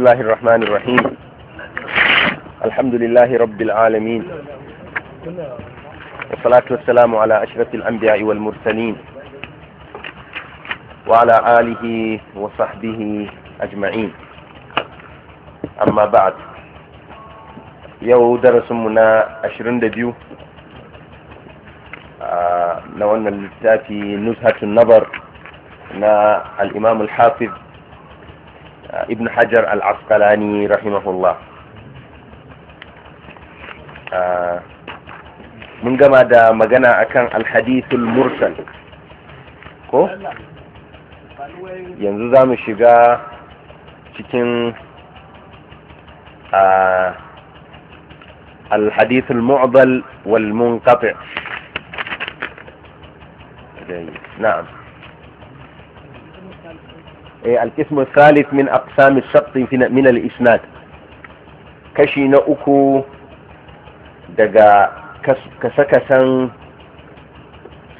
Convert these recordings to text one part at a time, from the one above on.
بسم الله الرحمن الرحيم الحمد لله رب العالمين والصلاة والسلام على أشرف الأنبياء والمرسلين وعلى آله وصحبه أجمعين أما بعد يو درس منا أشرين دبيو نوانا لتاتي نزهة النظر نا الإمام الحافظ ibn hajar al-asqalani rahimahullah ah, mun gama da magana akan alhadithul mursal ko yanzu za mu shiga cikin الحديث المعضل والمنقطع نعم القسم الثالث من أقسام الشخص من الإسناد كشي نأكو دقا كسكسا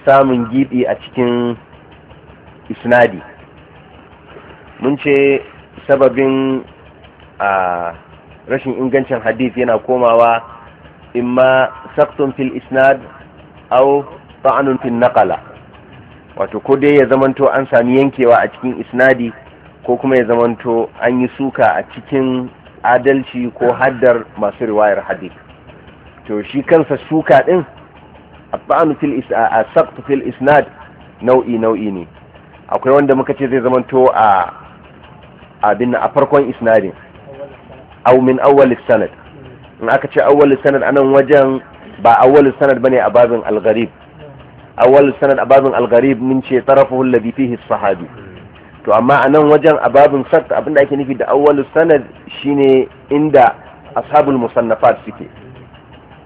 samun gibi a cikin isnadi mun ce sababin a rashin ingancin hadith yana komawa imma saktun fil isnad au ta'anun fin naƙala. wato ko dai ya zamanto an sami yankewa a cikin isnadi ko kuma ya zamanto an yi suka a cikin adalci ko haddar masu riwayar hadith to shi kansa suka din abba'anu fil fil isnad nau'i nau'i ne akwai wanda muka ce zai zamanto a abin a farkon isnadin aw min awwal sanad in aka ce awwal sanad anan wajen ba awwal sanad ne a babin algarib. awal sanad a al-gharib mun ce tarafuhu alladhi fihi sahabi to amma a nan wajen sarta sakt abinda ake nufi da awal sanad shine inda ashabul musannafat suke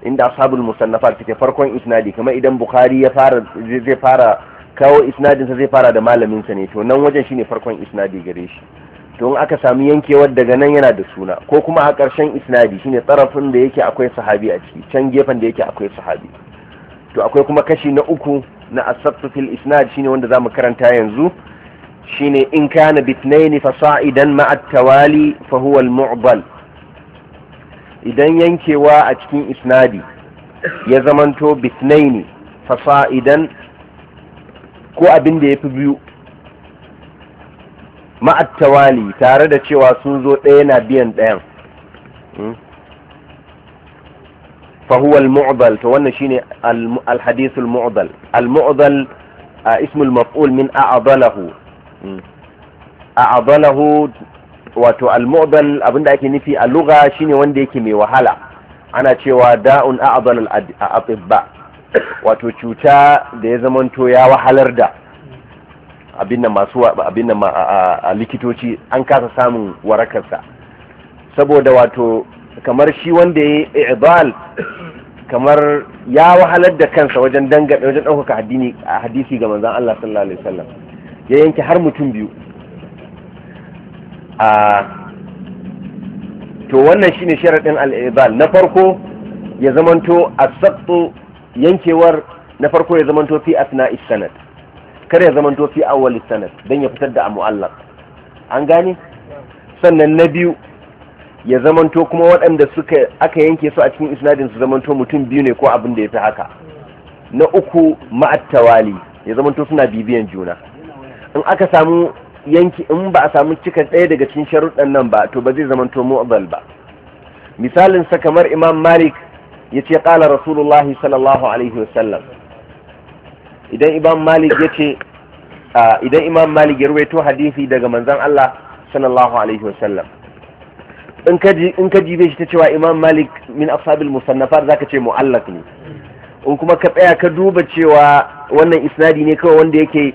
inda ashabul musannafat suke farkon isnadi kamar idan bukhari ya fara zai fara kawo isnadinsa zai fara da malaminsa ne to nan wajen shine farkon isnadi gare shi to in aka samu yankewar daga nan yana da suna ko kuma a ƙarshen isnadi shine tarafin da yake akwai sahabi a ciki can gefen da yake akwai sahabi to akwai kuma kashi na uku na asabtu fil isnad shine wanda zamu karanta yanzu shine in kana bitnayn fa sa'idan ma at-tawali fa huwa al-mu'dal idan yankewa a cikin isnadi ya zamanto bitnayn fa sa'idan ko abin da yafi biyu ma at-tawali tare da cewa sun zo ɗaya na biyan ɗayan hmm? فهو المعضل فوانا شيني الحديث المعضل المعضل اسم المفعول من أعضله أعضله wato al-mu'dal abinda ake nufi a shine wanda yake mai wahala ana cewa da'un a'dal al-atibba wato cuta da ya zamanto ya wahalar da abin nan likitoci an kasa samun warakarsa saboda wato kamar shi wanda ya yi ibal kamar ya wahalar da kansa wajen dangane wajen ɗaukaka hadisi ga manzan Allah sallallahu alaihi wasallam ya yanke har mutum biyu a to wannan shine sharaɗin al'ibal na farko ya zamanto a sabto yankewar na farko ya zamanto fi asna sanad kar ya zamanto fi awwal sanad don ya fitar da mu'allaq an gane sannan na biyu ya zamanto kuma waɗanda suka aka yanke su a cikin isnadin su zamanto mutum biyu ne ko abin da ya fi haka na uku ma'attawali ya zamanto suna bibiyan juna in aka samu yanki in ba a samu cika ɗaya daga cikin sharuɗan nan ba to ba zai zamanto mu'adal ba misalin sa kamar imam malik ya ce ƙala rasulullahi sallallahu alaihi wasallam idan imam malik ya ce idan imam malik ya ruwaito hadisi daga manzon allah sallallahu alaihi wasallam in ka jibe shi ta cewa imam malik min ashabil musannafat zaka ce mu'allaq ne in kuma ka tsaya ka duba cewa wannan isnadi ne kawai wanda yake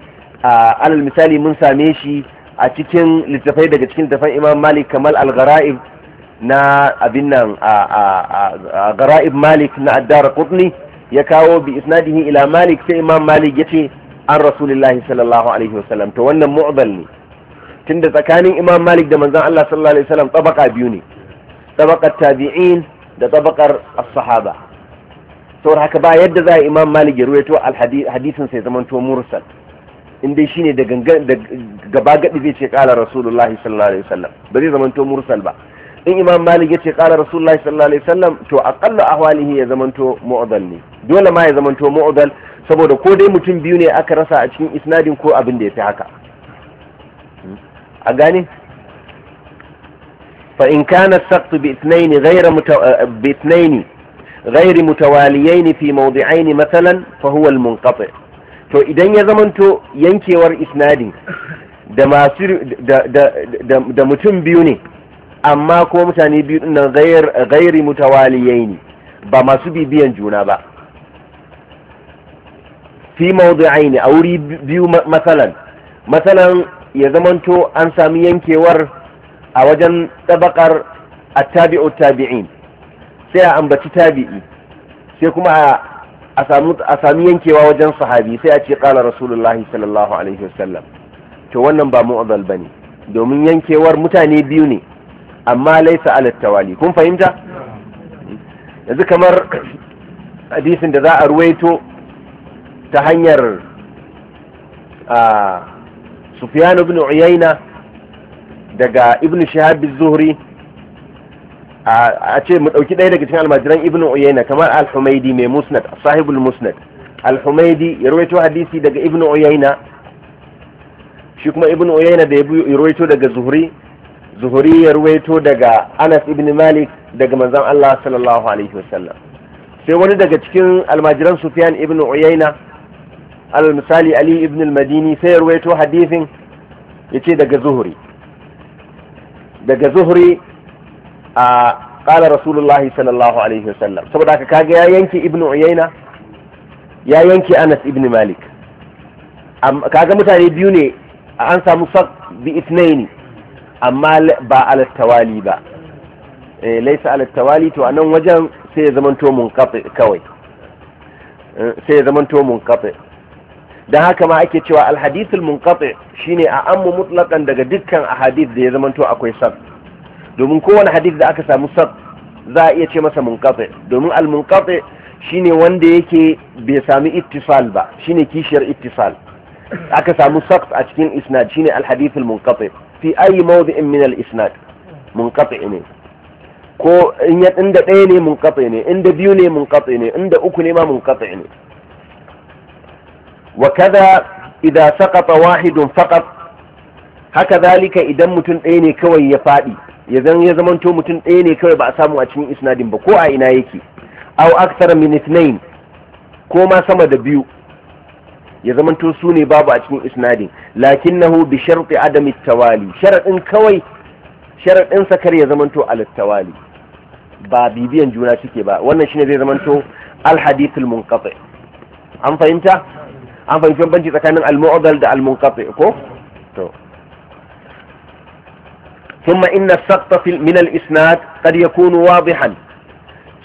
alal misali mun same shi a cikin littafai daga cikin littafan imam malik kamal al na abin nan a gara'ib malik na addar qutni ya kawo bi isnadihi ila malik sai imam malik ya ce an rasulullahi sallallahu alaihi wasallam to wannan mu'dal ne tunda tsakanin imam malik da manzan Allah sallallahu alaihi wasallam tabaka biyu ne tabakar tabi'in da tabakar as-sahaba saboda haka ba yadda za a imam malik ya ruwaito hadisin sai zaman to mursal in dai shine da gaba gadi zai ce kala rasulullahi sallallahu alaihi wasallam ba zai zaman to mursal ba in imam malik ya ce kala rasulullahi sallallahu alaihi wasallam to aqallu ahwalihi ya zaman to mu'dal ne dole ma ya zaman to mu'dal saboda ko dai mutum biyu ne aka rasa a cikin isnadin ko abin da ya fi haka a gane فإن كان السقط باثنين غير متو... باثنين fi متواليين في موضعين مثلا فهو المنقطع to idan ya zamanto yankewar isnadin da da, mutum biyu ne amma ko mutane biyu nan gairi mutawaliyai ne ba masu bibiyan juna ba fi mawdu'aini a wuri biyu matsalan matsalan ya zamanto an sami yankewar a wajen tabakar attabi'u tabi'in sai a ambaci tabi'i sai kuma a sami yankewa wajen sahabi sai a ce kala rasulullahi sallallahu alaihi wasallam to wannan ba ba ne domin yankewar mutane biyu ne amma laisa ala kun fahimta yanzu kamar hadisin da za a ruwaito ta hanyar a ah, sufyan ibn uyayna daga ibn shihab zuhri mu ɗauki ɗaya daga cikin almajiran ibn uyayna kamar al-humaydi mai musnad sahibul musnad al-humaydi ya rawaito hadisi daga ibn uyayna shi kuma ibn uyayna da ya rawaito daga zuhri zuhri ya daga anas ibn malik daga manzon Allah sallallahu alaihi wasallam sai wani daga cikin almajiran sufyan ibn uyayna alal misali ali ibn al-madini sai ruwaito hadisin yace daga zuhuri daga zuhuri a qala rasulullahi sallallahu alaihi wasallam saboda ka kaga ya yanki ibn uyayna ya yanki anas ibn malik kaga mutane biyu ne an samu sak bi itnaini amma ba ala tawali ba eh, laysa ala tawali to anan wajen sai ya zamanto mun kawai eh, sai ya zamanto mun kafe don haka ma ake cewa alhadithul munqati shine a ammu mutlaqan daga dukkan ahadith da ya to akwai sab domin kowane hadith da aka samu sab za a iya ce masa munqati domin al munqati shine wanda yake bai sami ittisal ba shine kishiyar ittisal aka samu sab a cikin isnad shine alhadithul munqati fi ayi mawdi'in min al isnad munqati ne ko inda ɗaya ne munqati ne inda biyu ne munqati ne inda uku ne ma munqati ne وكذا إذا سقط واحد فقط haka zalika idan mutum ɗaya ne kawai ya faɗi ya zan ya zamanto mutum ɗaya ne kawai ba a samu a cikin isnadin ba ko a ina yake au aksara minit ithnain ko ma sama da biyu ya zamanto su ne babu a cikin isnadin lakinnahu bi sharti adam tawali sharadin kawai sharadin sakar ya zamanto al tawali ba bibiyan juna suke ba wannan shine zai zamanto al hadithul munqati an fahimta an fahimci banci tsakanin al-mu'adal da al-munqati ko to inna saqta fil min al-isnad قد yakunu wadihan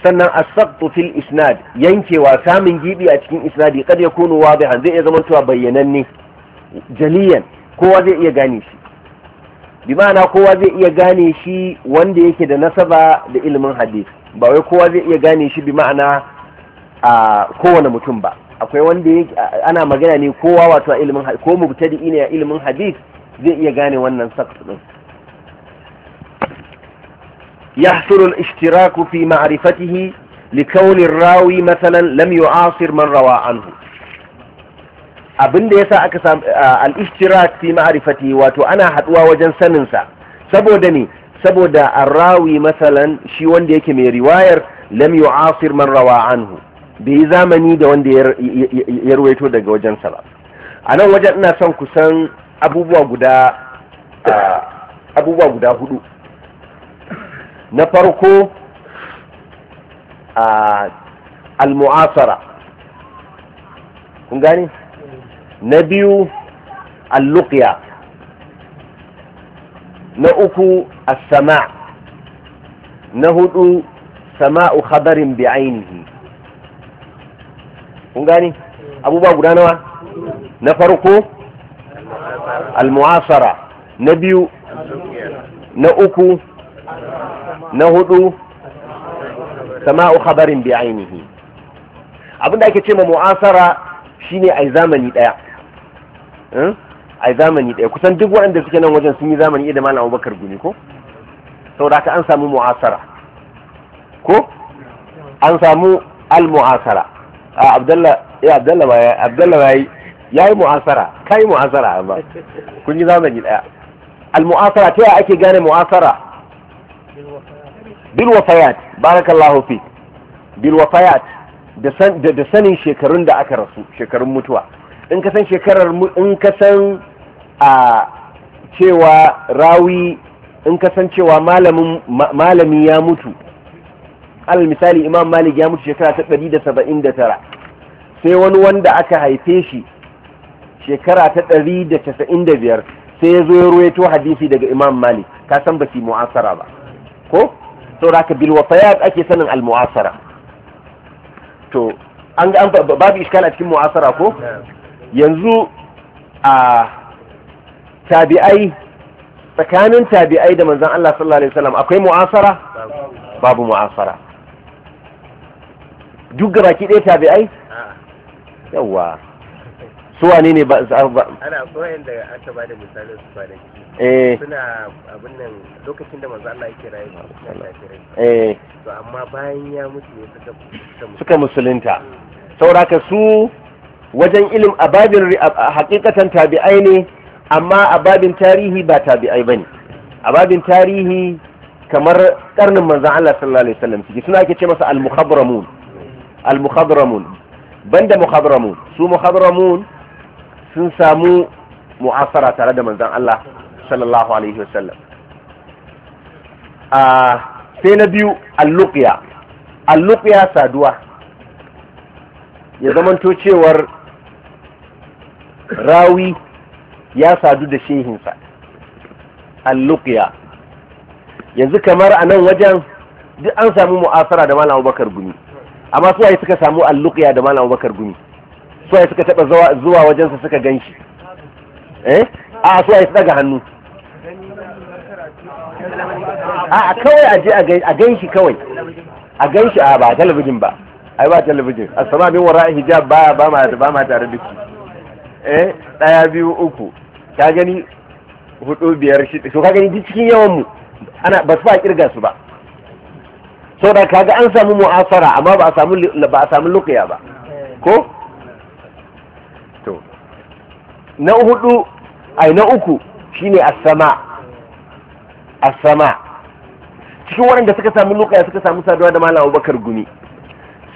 sannan asabtu fil isnad yankewa samun gibi a cikin isnadi kad ya wadihan zai iya zamantowa bayyananne jaliyan kowa zai iya gane shi bi ma'ana kowa zai iya gane shi wanda yake da nasaba da ilimin hadith ba wai kowa zai iya gane shi bi ma'ana a kowane mutum ba akwai wanda ana magana ne kowa wato a ilimin ko mubtadi'i ne a ilimin hadith zai iya gane wannan saqf din يحصل الاشتراك في معرفته لكون الراوي مثلا لم يعاصر من روى عنه abin yasa aka samu al-ishtirak fi ma'rifati wato ana haduwa wajen sanin sa saboda ne saboda rawi masalan shi wanda yake mai riwayar lam yu'asir man rawa anhu bai yi zamani da wanda ya ruwaito daga wajensa ba a nan wajen ina son kusan abubuwa guda hudu na farko al-mu'asara kun gani na biyu al-luqya na uku as-sama na hudu sama'u khabarin bi'ainihi kun gani abubuwa guda nawa na farko al-mu'asara na biyu na uku na hudu sama'u khabarin bi ainihi abinda ake ce ma mu'asara shine ai zamani daya hmm? ai zamani daya kusan duk waɗanda suke nan wajen sun yi zamani da malam Abubakar Gumi ko saboda an samu mu'asara ko an samu al-mu'asara a abdallah ya ma yi mu'asara kun yi zamani daya al-mu'asara ta ake gane mu'asara bil wafayat barakallahu da sanin shekarun da aka rasu shekarun mutuwa in ka cewa rawi in cewa malamin malami ya mutu alal misali imam malik ya mutu shekara ta ɗari da da saba'in tara sai wani wanda aka haife shi shekara ta ɗari da da casa'in biyar sai ya zo ya ruwaito hadisi daga imam malik ka san ba su mu'asara ba ko saboda ka bil wafayat ake sanin al mu'asara to an ga babu iskal a cikin mu'asara ko yanzu a tabi'ai tsakanin tabi'ai da manzon Allah sallallahu alaihi wasallam akwai mu'asara babu mu'asara duk ga baki ɗaya tabi'ai yawwa su wane ne ba ba? ana koyan da aka ba da misalin su kwanaki eh. suna abin nan lokacin da manzo Allah yake rayu eh to amma bayan ya mutu ne suka suka musulunta ka su wajen ilim ababin hakikatan tabi'ai ne amma ababin tarihi ba tabi'ai bane ababin tarihi kamar karnin manzon Allah sallallahu alaihi wasallam suke suna ake ce masa al-mukhabramun al-mukhadramun banda mukhadramun su mukhadramun sun samu mu'asara tare da manzon Allah sallallahu alaihi wasallam a ah, sai na biyu al-luqya al-luqya saduwa ya zamanto cewar rawi ya sadu da shehinsa al-luqya yanzu kamar a nan wajen duk an samu mu'asara da malam bakar gumi amma su waye suka samu alluqiya da malam Abubakar Gumi su waye suka taba zuwa wajen sa suka ganshi eh a su waye su daga hannu a kawai aje a ganshi kawai a ganshi a ba talabijin ba ai ba talabijin as-sama min wara hijab ba ba ma ba ma tare da shi eh daya biyu uku ka gani hudu biyar shi to ka gani duk cikin yawan mu ana ba su ba kirga su ba saboda kaga an samu mu'asara amma ba a samu ba a samu luqiya ba ko to na hudu ai na uku shine as-sama as-sama cikin waɗanda suka samu luqiya suka samu saduwa da malam Abubakar Gumi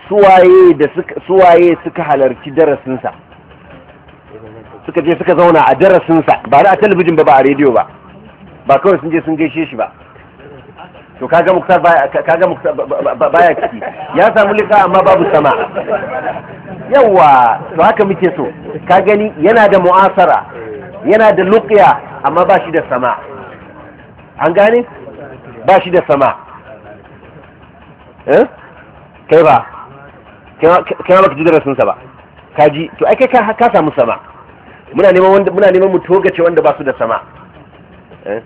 suwaye da suka suwaye suka halarci darasin sa suka je suka zauna a darasinsa sa ba a talabijin ba ba a rediyo ba ba kawai sun je sun gaishe shi ba to kaga muktar baya kaga muktar baya ciki ya samu lika amma babu sama yawa to haka muke so ka gani yana da mu'asara yana da luqya amma ba shi da sama an gane ba shi da sama eh kai ba kai ba ka ji sa ba ji to ai kai ka samu sama muna neman wanda muna neman mu ce wanda ba su da sama eh?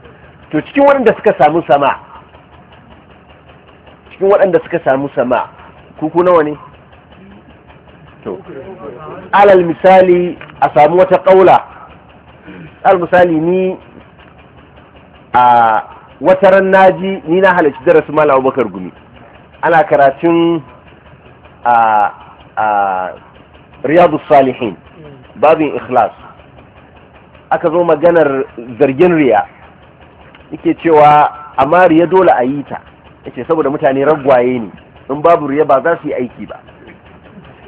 to cikin wanda suka samu sama cikin waɗanda suka samu sama kuku nawa ne alal misali a samu wata ƙaula alal misali ni a ran naji ni na halarci darasi malam abubakar gumi ana karatun a a riyadu salihin babin ikhlas aka zo maganar zargin riya yake cewa amma riya dole a yi ta yace saboda mutane ragwaye ne in babu riya ba za su yi aiki ba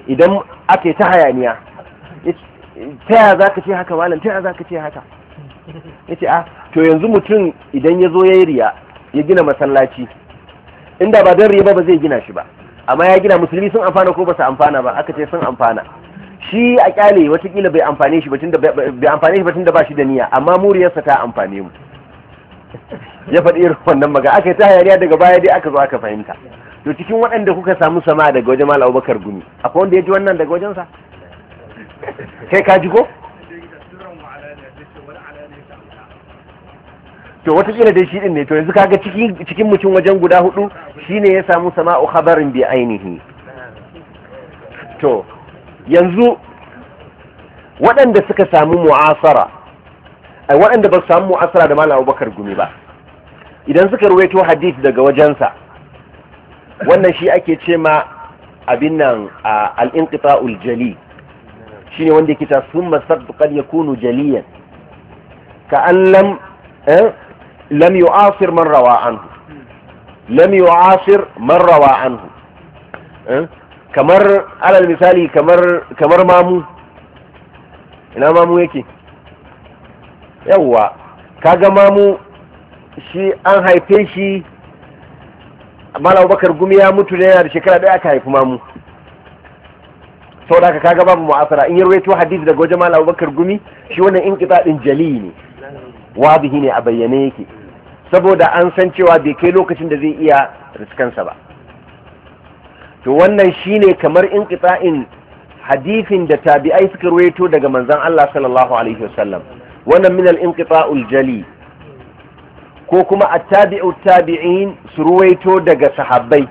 idan ake ta hayaniya ta ya za ka ce haka malam ta ya za ka ce haka ce a ah, to yanzu mutum idan ya zo ya yi riya ya gina masallaci inda ba don riya ba ba zai gina shi ba amma ya gina musulmi sun amfana ko ba su amfana ba aka ce sun amfana shi a kyale watakila bai amfane shi batun da ba shi da niyya amma muriyarsa ta amfane mu ya faɗi irin wannan maga aka yi ta hayaniya daga baya dai aka zo aka fahimta to cikin waɗanda kuka samu sama daga wajen mal abubakar gumi akwai wanda ya ji wannan daga wajensa kai ka ji ko to wata watakila dai shi din ne to yanzu kaga cikin cikin mutum wajen guda hudu shine ya samu sama'u khabarin bi ainihi to yanzu waɗanda suka samu mu'asara ai waɗanda ba su samu mu'asara da malam abubakar gumi ba idan suka ruwaito hadith daga wajensa wannan shi ake ce ma abin nan al-inqita'ul jali shine wanda yake ta summa sabtu qad yakunu jaliyan ka an lam eh, lam yu'asir man rawa anhu lam yu'asir man rawa anhu eh, kamar alal misali kamar kamar mamu ina mamu yake yawwa kaga mamu shi an haife shi malam abubakar gumi ya mutu da yana da shekara ɗaya aka haifi mamu saboda kaga babu mu'asara in yarwaito hadisi daga wajen malam abubakar gumi shi wannan kita ɗin jali ne bihi ne a bayyane yake saboda an san cewa bai kai lokacin da zai iya riskansa ba to wannan shine kamar in inqita'in hadisin da tabi'ai suka ruwaito daga manzan Allah sallallahu alaihi wasallam wannan min al-inqita'ul jali ko kuma attabi'u tabi'in su ruwaito daga sahabbai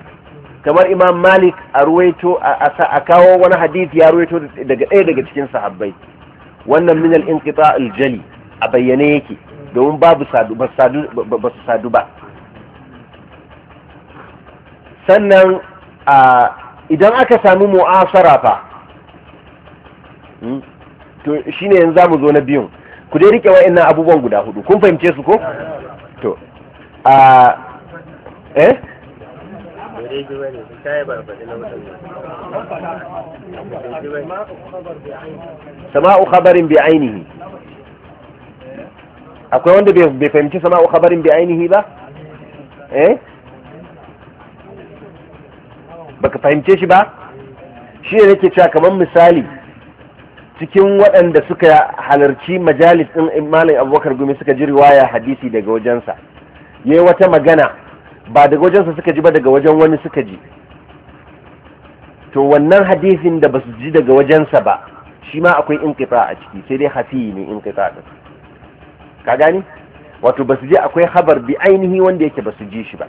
kamar imam malik a ruwaito a kawo wani hadith ya ruwaito daga ɗaya daga cikin sahabbai wannan min al-inqita jali a bayyane yake domin babu sadu ba su sadu ba sannan idan aka sami mu'asara fa hmm, to shine yanzu zamu zo na biyun ku dai rike wa'annan abubuwan guda hudu kun fahimce su ko to a eh sama'u khabarin bi ainihi akwai wanda bai fahimci sama'u khabarin bi ainihi ba eh baka fahimce shi ba shi ne nake cewa kamar misali cikin waɗanda suka halarci majalis ɗin imanin abubakar gumi suka ji riwaya hadisi daga wajensa ya wata magana ba daga wajensa suka ji ba daga wajen wani suka ji to wannan hadisin da basu ji daga wajensa ba shi ma akwai inqita a ciki sai dai hafi ne inqita a ka gani wato basu ji akwai habar bi ainihi wanda yake basu ji shi ba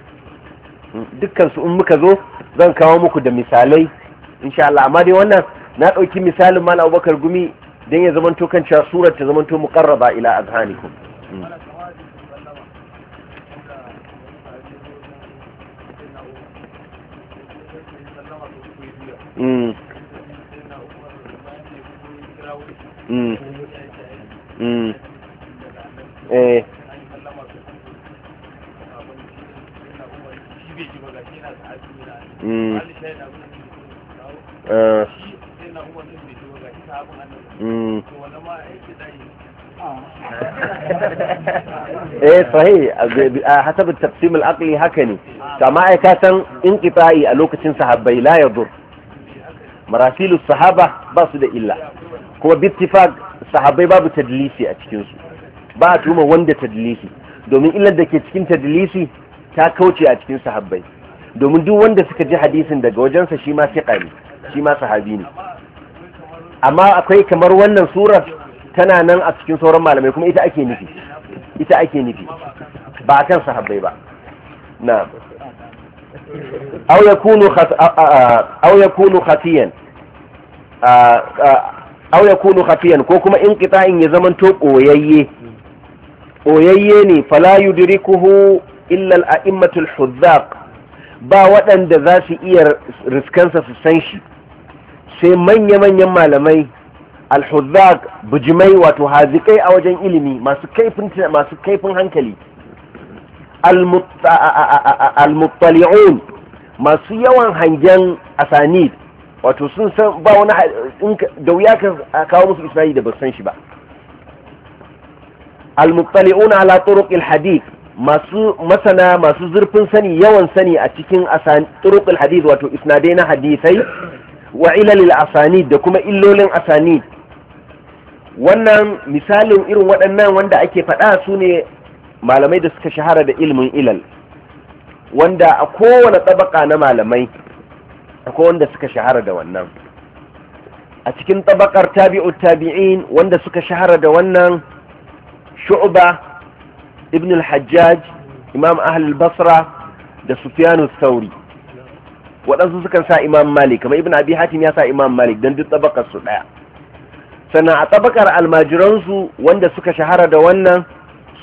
dukkan su in muka zo zan kawo muku da misalai insha Allah amma dai wannan na ɗauki misalin mala abubakar gumi don ya zamanto kan cewa surar ta zamanto muqarraba ila azhanikum Mm. Mm. Mm. Uh. Mm. eh sahi a hasab taqsim al-aqli haka ne kama ai ka san inqita'i a lokacin sahabbai la yadur marasilu sahaba ba su da illa kuma bittifaq sahabbai babu tadlisi a cikin su ba a tuma wanda tadlisi domin illar da ke cikin tadlisi ta kauce a cikin sahabbai domin duk wanda suka ji hadisin daga wajensa shi ma fiqa ne shi ma sahabi ne amma akwai kamar wannan surar tana nan a cikin sauran malamai kuma ita ake nufi ita ake nufi ba kan sahabbai ba na au yakunu khatiyan yakunu khatiyan ko kuma in inqita'in ya zaman to koyayye koyayye ne fala yudrikuhu illa al-a'immatul huzzaq ba waɗanda za su iya riskansa su san shi sai manya-manyan malamai alhuzak bujimai wato hazikai a wajen ilimi masu kaifin hankali almuttali'un masu yawan hangen asanid wato sun san ba wani da wuya ka kawo musu isra'i da basan shi ba almuttali'un ala turuqil masu masana masu zurfin sani yawan sani a cikin turuqil hadith wato isnadai na hadisai wa ilalil asanid da kuma illolin asanid wannan misalin irin waɗannan wanda ake faɗa su ne malamai da suka shahara da ilimin ilal wanda a kowane tsabaka na malamai akwai wanda suka shahara da wannan a cikin tsabakar tabi'u tabi'in wanda suka shahara da wannan shu'ba ibn al-hajjaj imam ahlul basra da sufyanu sauri waɗansu sukan sa imam malik kamar ibn abi hatim ya sa imam malik don duk tsabakar su ɗaya sannan a tabakar almajiransu wanda suka shahara da wannan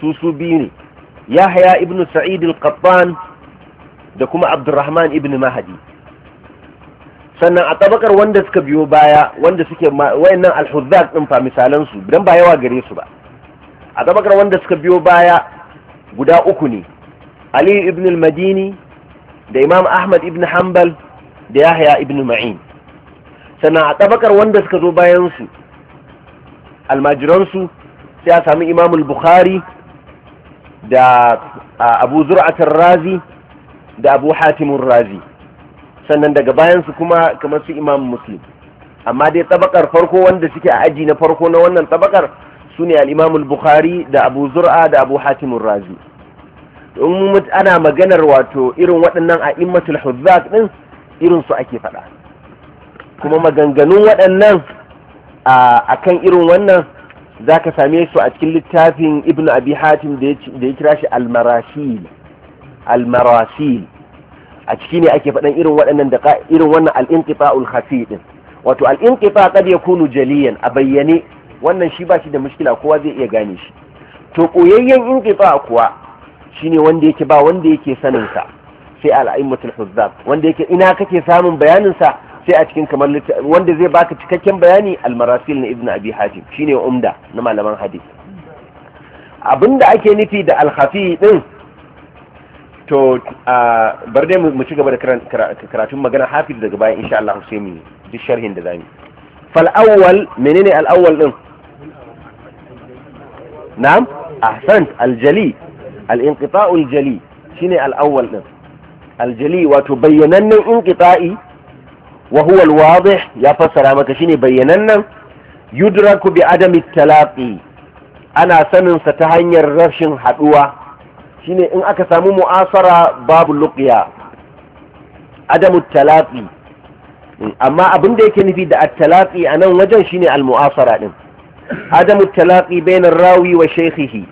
su su biyu ne ya haya ibn sa'id al-qattan da kuma abdurrahman ibn mahadi sannan a tabakar wanda suka biyo baya wanda suke wayannan al-huzzaq din fa misalan su dan ba yawa gare su ba a tabakar wanda suka biyo baya guda uku ne ali ibn al-madini da imam ahmad ibn hanbal da yahya ibn ma'in sannan a tabakar wanda suka zo bayansu almajiransu sai a sami imam bukhari da abu zur'atar razi da abu hatimun razi sannan daga bayansu kuma kamar su imam muslim amma dai tabakar farko wanda suke a aji na farko na wannan tabakar su ne al'imamul bukhari da abu zur'a da abu hatimun razi in ana maganar wato irin waɗannan a immatul huzzaq din irin su ake faɗa kuma maganganun waɗannan a kan irin wannan za ka same su a cikin littafin ibn abi hatim da ya kira shi almarasil almarasil a ciki ne ake faɗan irin waɗannan da irin wannan al'inƙifa ulhafi din wato ƙad ya kunu jaliyan a bayyane wannan shi ba shi da mushkila kowa zai iya gane shi to koyayyen inƙifa kuwa shine wanda yake ba wanda yake sanin sa sai al huzzab wanda yake ina kake samun bayanin sa sai a cikin kamar wanda zai baka cikakken bayani al-marasil na ibnu abi hatim shine umda na malaman hadisi abinda ake nufi da al-khafi din to bar dai mu ci gaba da karatun magana hafiz daga baya insha Allah sai mu duk sharhin da zamu fal awwal menene al awwal din na'am ahsant al jali al-inqita'ul jali shine al-awwal din wato bayyanannen inqita'i wa huwa al ya fassara maka shine bayyanannen yudraku bi adami ana saninsa ta hanyar rashin Shi ne in aka samu mu'asara babu luƙiya. adamu talaqi amma abin da yake nufi da at-talaqi anan wajen shine al-mu'asara din adamu talaqi bainar rawi wa shaykhihi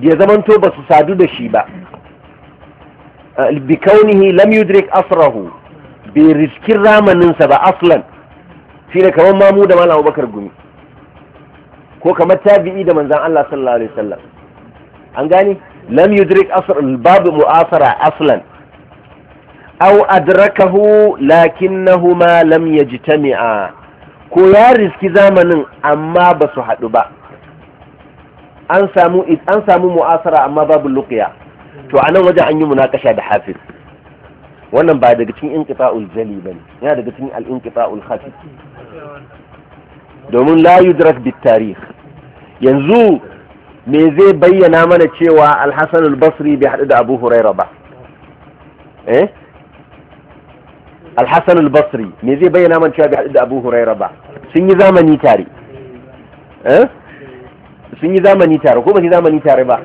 ya zamanto ba su sadu da shi ba ah, bikaunihi lam yudrik asrahu bai riskin ramaninsa ba aslan shi ne kamar mamu da malam abubakar gumi ko kamar tabi'i da manzan Allah sallallahu alaihi wasallam an gani lam yudrik asr babu mu'asara aslan aw adrakahu lakinnahuma lam yajtami'a ko ya riski zamanin amma ba su haɗu ba an samu an samu mu'asara amma babu luqya to a nan wajen an yi munakasha da hafiz wannan ba daga cikin inqita'ul jali bane yana daga cikin al-inqita'ul khafi domin la yudrak bit tarikh yanzu me zai bayyana mana cewa al-hasan al-basri bai hadda da abu huraira ba eh al-hasan al-basri me zai bayyana mana cewa bai hadda da abu huraira ba sun yi zamani tare eh sun yi zamani tare ko ba su yi zamani tare ba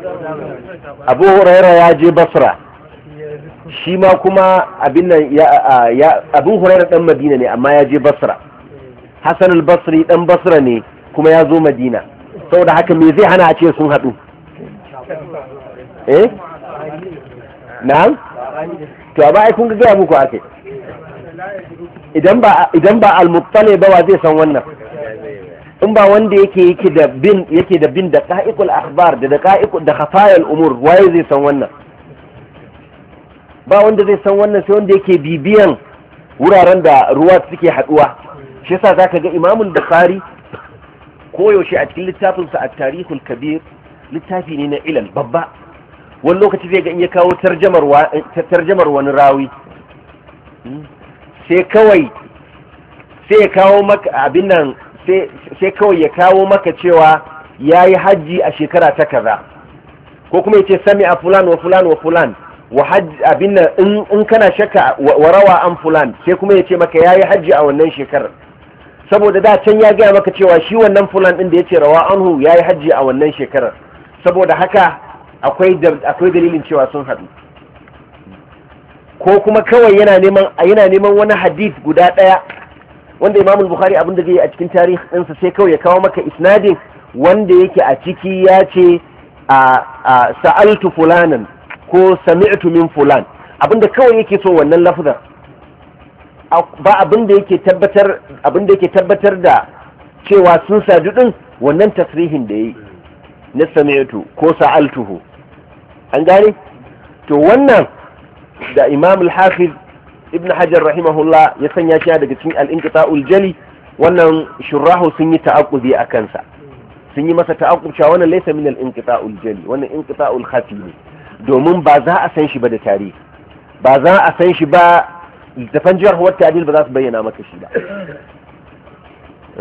abu huraira ya je basra shi ma kuma abin nan ya abu huraira dan madina ne amma ya je basra hasan al-basri dan basra ne kuma ya zo madina saboda haka me zai hana a ce sun haɗu eh na'am to a ai kun ga gaya muku ake idan ba idan ba al ba wa zai san wannan in ba wanda yake yake da bin yake da bin da qa'iqul akhbar da da qa'iqul da khafayal umur waye zai san wannan ba wanda zai san wannan sai wanda yake bibiyan wuraren da ruwa suke haduwa shi yasa zaka ga Imam Bukhari koyaushe a cikin sa at-Tarikhul Kabir littafi ne na ilal babba wani lokaci zai ga in ya kawo tarjamar wani rawi hmm? sai kawai sai ya kawo maka abin nan sai kawai ya kawo maka cewa ya yi hajji a shekara ta kaza ko kuma ya ce sami a fulan wa fulan wa fulan wa hajji abin nan in kana shakka wa rawa an fulan sai kuma ya ce maka ya yi hajji a wannan shekarar saboda da can ya gaya maka cewa shi wannan fulan din da ya ce rawa hu ya yi hajji a wannan shekarar saboda haka akwai dalilin cewa sun haɗu ko kuma kawai yana neman wani hadith guda ɗaya wanda imam bukhari abin da yi a cikin tarihi ɗinsa sai kawai ya kawo maka isnadin wanda yake a ciki ya ce a sa'altu fulanan ko sami'tu min fulan abin da kawai yake so wannan lafzan ba abin da yake tabbatar da yake tabbatar cewa sun sadu din wannan tasrihin da yi na sami'tu ko sa'altuhu an gane to wannan da imamul al-hafiz ibn hajar rahimahullah ya sanya shi daga cikin al-inqita'ul jali wannan shurrahu sun yi ta'aqqubi a kansa sun yi masa ta'aqqub cewa wannan laysa min al-inqita'ul jali wannan inqita'ul khafi ne domin ba za a san shi ba da tarihi ba za a san shi ba littafan jihar huwar tadil ba za su bayyana maka shi ba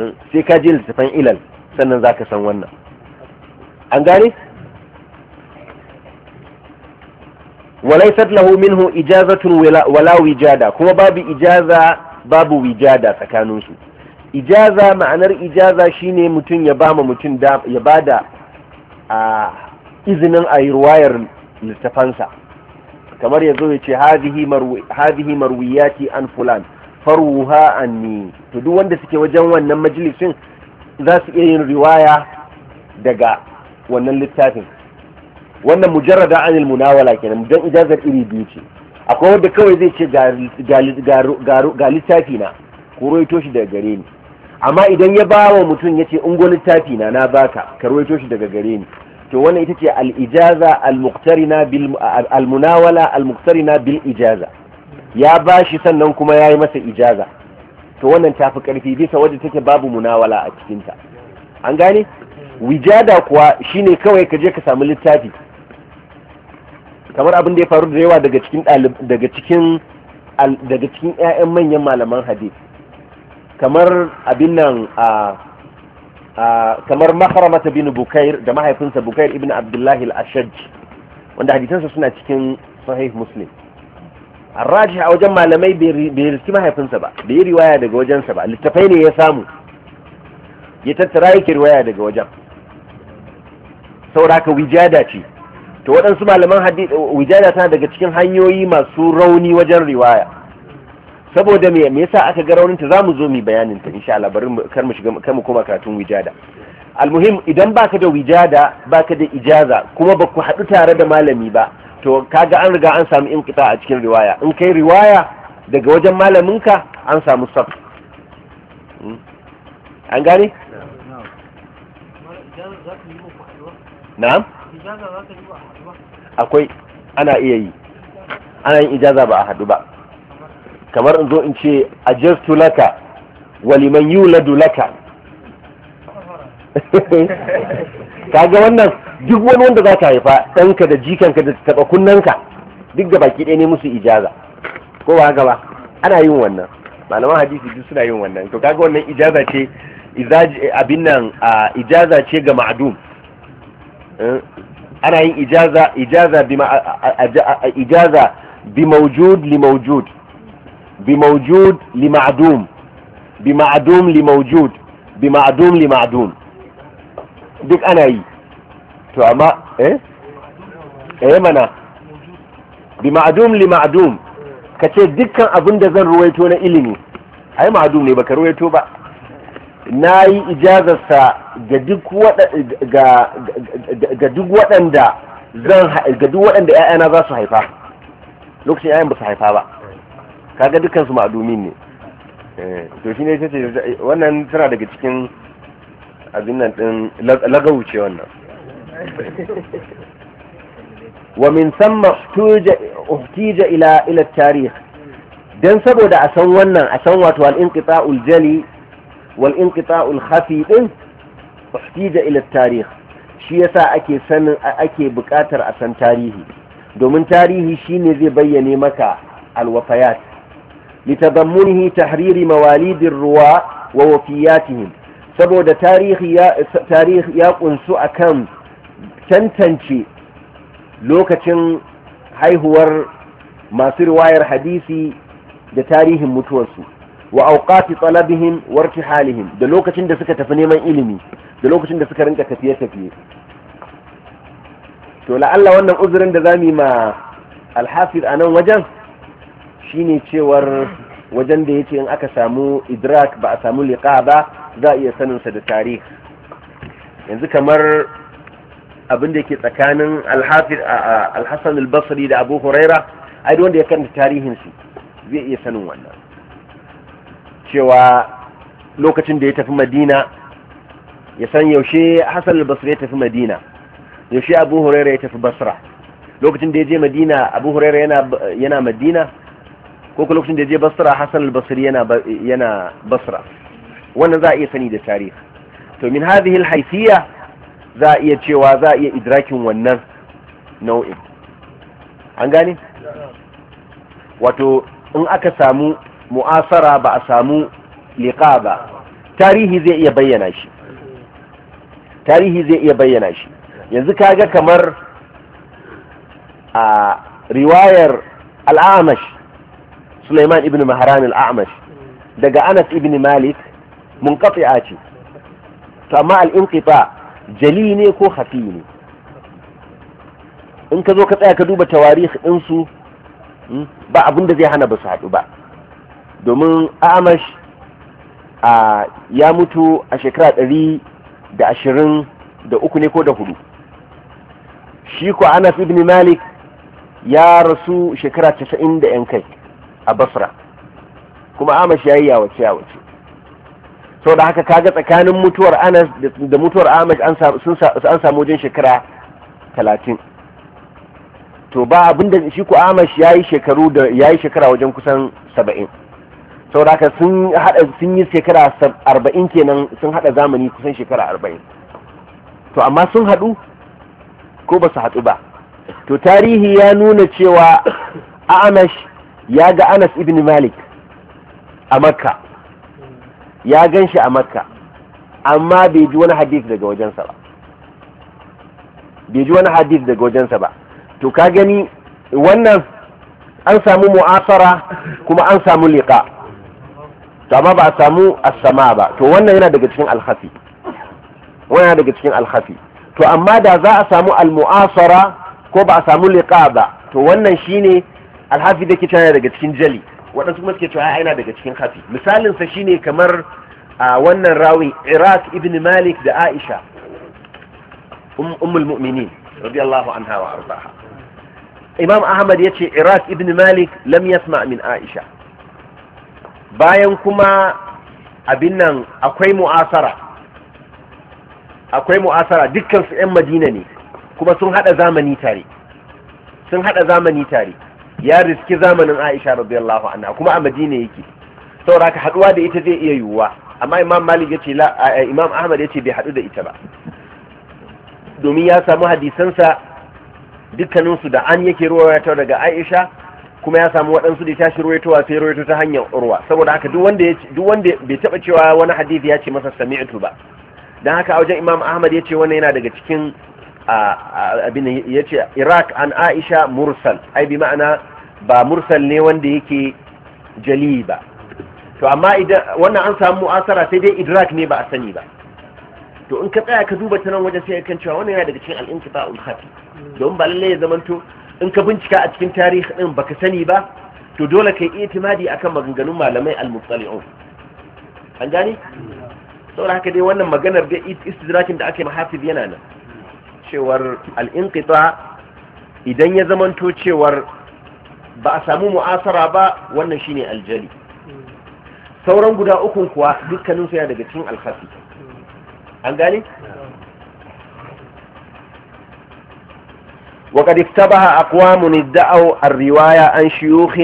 hmm. sai ka je littafan ilal sannan za ka san wannan an gane walaisat lahu minhu ijazatun wala wijada kuma babu ijaza babu wijada su ijaza ma'anar ijaza shine mutum ya ba mutum ya bada a izinin a yi ruwayar littafansa kamar ya zo ya ce hadhihi marwiyati an fulan faruha anni to duk wanda suke wajen wannan majalisin za su iya yin riwaya daga wannan littafin wannan mujarrada anil munawala kenan dan ijazar iri biyu ce akwai wanda kawai zai ce ga littafi na ko roito shi daga gare ni amma idan ya ba wa mutum ya ce ungo littafi na na baka ka roito shi daga gare ni to wannan ita ce al-ijaza al bil ijaza ya bashi sannan kuma ya yi masa ijaza to wannan ta tafi karfi bisa wadda take babu munawala a cikinta. an gane wijada kuwa shine kawai ka je ka samu littafi kamar abin da ya faru da yawa daga cikin daga cikin daga cikin ƴaƴan manyan malaman hadith kamar abin nan a kamar maharamata bin bukair da mahaifinsa bukair ibn abdullahi al-ashaj wanda hadisansa suna cikin sahih muslim arraji a wajen malamai bai riski mahaifinsa ba bai yi riwaya daga wajensa ba littafai ne ya samu ya tattara yake riwaya daga wajen sauraka wijada ce to waɗansu malaman hadith wijada tana daga cikin hanyoyi masu rauni wajen riwaya saboda me me yasa aka ga raunin ta zamu zo mu bayanin ta insha Allah bari kar mu shiga kar mu koma karatun wijada almuhim idan baka da wijada baka da ijaza kuma ba ku haɗu tare da malami ba to kaga an riga an samu inqita a cikin riwaya in kai riwaya daga wajen malaminka an samu sab hmm? an gane na'am Ijaza za yi akwai ana iya yi ana yin ijaza ba a haɗu ba kamar in zo in ce ajirtu laka waliman yuladu laka kaga wannan duk wani wanda za ka haifa ɗanka da jikanka da taɓa kunnanka duk da baki ɗaya ne musu ijaza ko ba haka ba ana yin wannan malaman hadisi duk suna yin wannan to kaga wannan ijaza ce abin nan ijaza ce ga ma'adum eh? ana yin ijaza ijaza bi ijaza bi mawjud li mawjud bi mawjud li ma'dum bi ma'dum li mawjud bi ma'dum li ma'dum duk ana yi to amma eh eh mana bi ma'dum li ma'dum kace dukkan abin da zan ruwaito na ilimi ai ma'dum ne baka ruwaito ba nayi sa. ga duk waɗanda zan ga duk waɗanda ‘ya'yana za su haifa lokacin ‘ya'yan ba su haifa ba kaga su ma'adumin ne eh, to shi ne ta ce wannan tana daga cikin abin nan ɗin lagawuce wannan wa min samma uhtija ila ila tarih dan saboda a san wannan a san wato al-inqita'ul jali wal inqita'ul khafi din uhtija ila tarih shi yasa ake sanin ake buƙatar a san tarihi domin tarihi shine zai bayyane maka alwafayat litadammunihi tahriri mawalidir ruwa wa wafiyatihim saboda tarihi ya tarihi ya kunsu akan tantance lokacin haihuwar masu riwayar hadisi da tarihin mutuwarsu wa auqati talabihim wa irtihalihim da lokacin da suka tafi neman ilimi da lokacin da suka rinka tafiye tafiye to la'alla wannan uzurin da zamu ma alhafiz a nan wajen shine cewar wajen da yake in aka samu idrak ba a samu liqa ba za a iya sanin sa da tarihi yanzu kamar abin da yake tsakanin alhafiz alhasan albasri da abu huraira ai wanda ya karanta tarihin shi zai iya sanin wannan cewa lokacin da ya tafi madina ya san yaushe hassan al ya tafi madina yaushe abu Hurera ya tafi basra lokacin da ya je madina abu Hurera yana madina ko lokacin da ya je basra hassan al-basri yana basra wannan za a iya sani da tarihi to min hadhihi alhaythiya za a iya cewa za a iya idrakin wannan nau'in an gane wato in aka samu mu'asara ba a samu liƙa ba tarihi zai iya bayyana shi tarihi zai iya bayyana shi yanzu kaga kamar a riwayar al'amash suleiman ibn maharan al'amash daga anas ibn malik mun ce to amma al'inƙifa jali ne ko hafi ne in ka zo ka tsaya ka duba tawarih ɗinsu hmm, ba abinda zai hana ba su haɗu ba domin amash ya mutu a shekara ɗari da ashirin da uku ne ko da hudu shi ko anas ibn malik ya rasu shekara casa'in da yan kai a basra kuma amash ya yi yawace yawace sau da haka kaga tsakanin mutuwar anas da mutuwar amash an samu wajen shekara talatin to ba abinda shi ko amash ya yi shekaru ya yi shekara wajen kusan saba'in saboda haka sun hada sun yi shekara 40 kenan sun hada zamani kusan shekara 40 to amma sun hadu ko ba su hadu ba to tarihi ya nuna cewa A'amash ya ga Anas ibn Malik a Makka ya gan shi a Makka amma bai ji wani hadith daga wajensa ba bai ji wani hadith daga wajensa ba to ka gani wannan an samu mu'asara kuma an samu liqa to amma ba a samu as-sama ba to wannan yana daga cikin alhafi. khafi wannan daga cikin alhafi. to amma da za a samu almu'asara, ko ba a samu liqa ba to wannan shine al-hafi da ke tana daga cikin jali waɗansu kuma suke cewa yana daga cikin hafi. Misalinsa sa shine kamar a wannan rawi Iraq ibn Malik da Aisha um, ummul mu'minin radiyallahu anha wa ardaha Imam Ahmad yace Iraq ibn Malik lam yasma' min Aisha bayan kuma abin nan akwai mu'asara akwai mu'asara dukkan su 'yan madina ne kuma sun hada zamani tare sun hada zamani tare ya riski zamanin aisha radiyallahu anha kuma a madina yake saboda ka haduwa da ita zai iya yiwuwa amma imam malik yace la imam ahmad yace bai hadu da ita ba domin ya samu hadisansa dukkaninsu da an yake ruwaya daga aisha kuma ya samu waɗansu da ya tashi ruwaitowa sai ruwaito ta hanyar urwa saboda haka duk wanda duk wanda bai taɓa cewa wani hadisi ya ce masa sami'tu ba dan haka a wajen imam ahmad ya ce wannan yana daga cikin abin ya ce iraq an aisha mursal ai bi ma'ana ba mursal ne wanda yake jali ba to amma idan wannan an samu mu'asara sai dai idrak ne ba a sani ba to in ka tsaya ka duba ta nan wajen sai kan cewa wannan yana daga cikin al-inqita'ul khafi don ba lalle ya zamanto in ka bincika a cikin tarihi din baka sani ba to dole kai itimadi akan maganganun malamai al-mutsali'un an gani saboda haka dai wannan maganar da istidrakin da ake mahafiz yana nan cewar al-inqita idan ya zamanto cewar ba a samu mu'asara ba wannan shine aljali sauran guda ukun kuwa dukkanin su yana daga cikin al-khafi an gani وقد اكتبها أقوام ادعوا الرواية عن شيوخ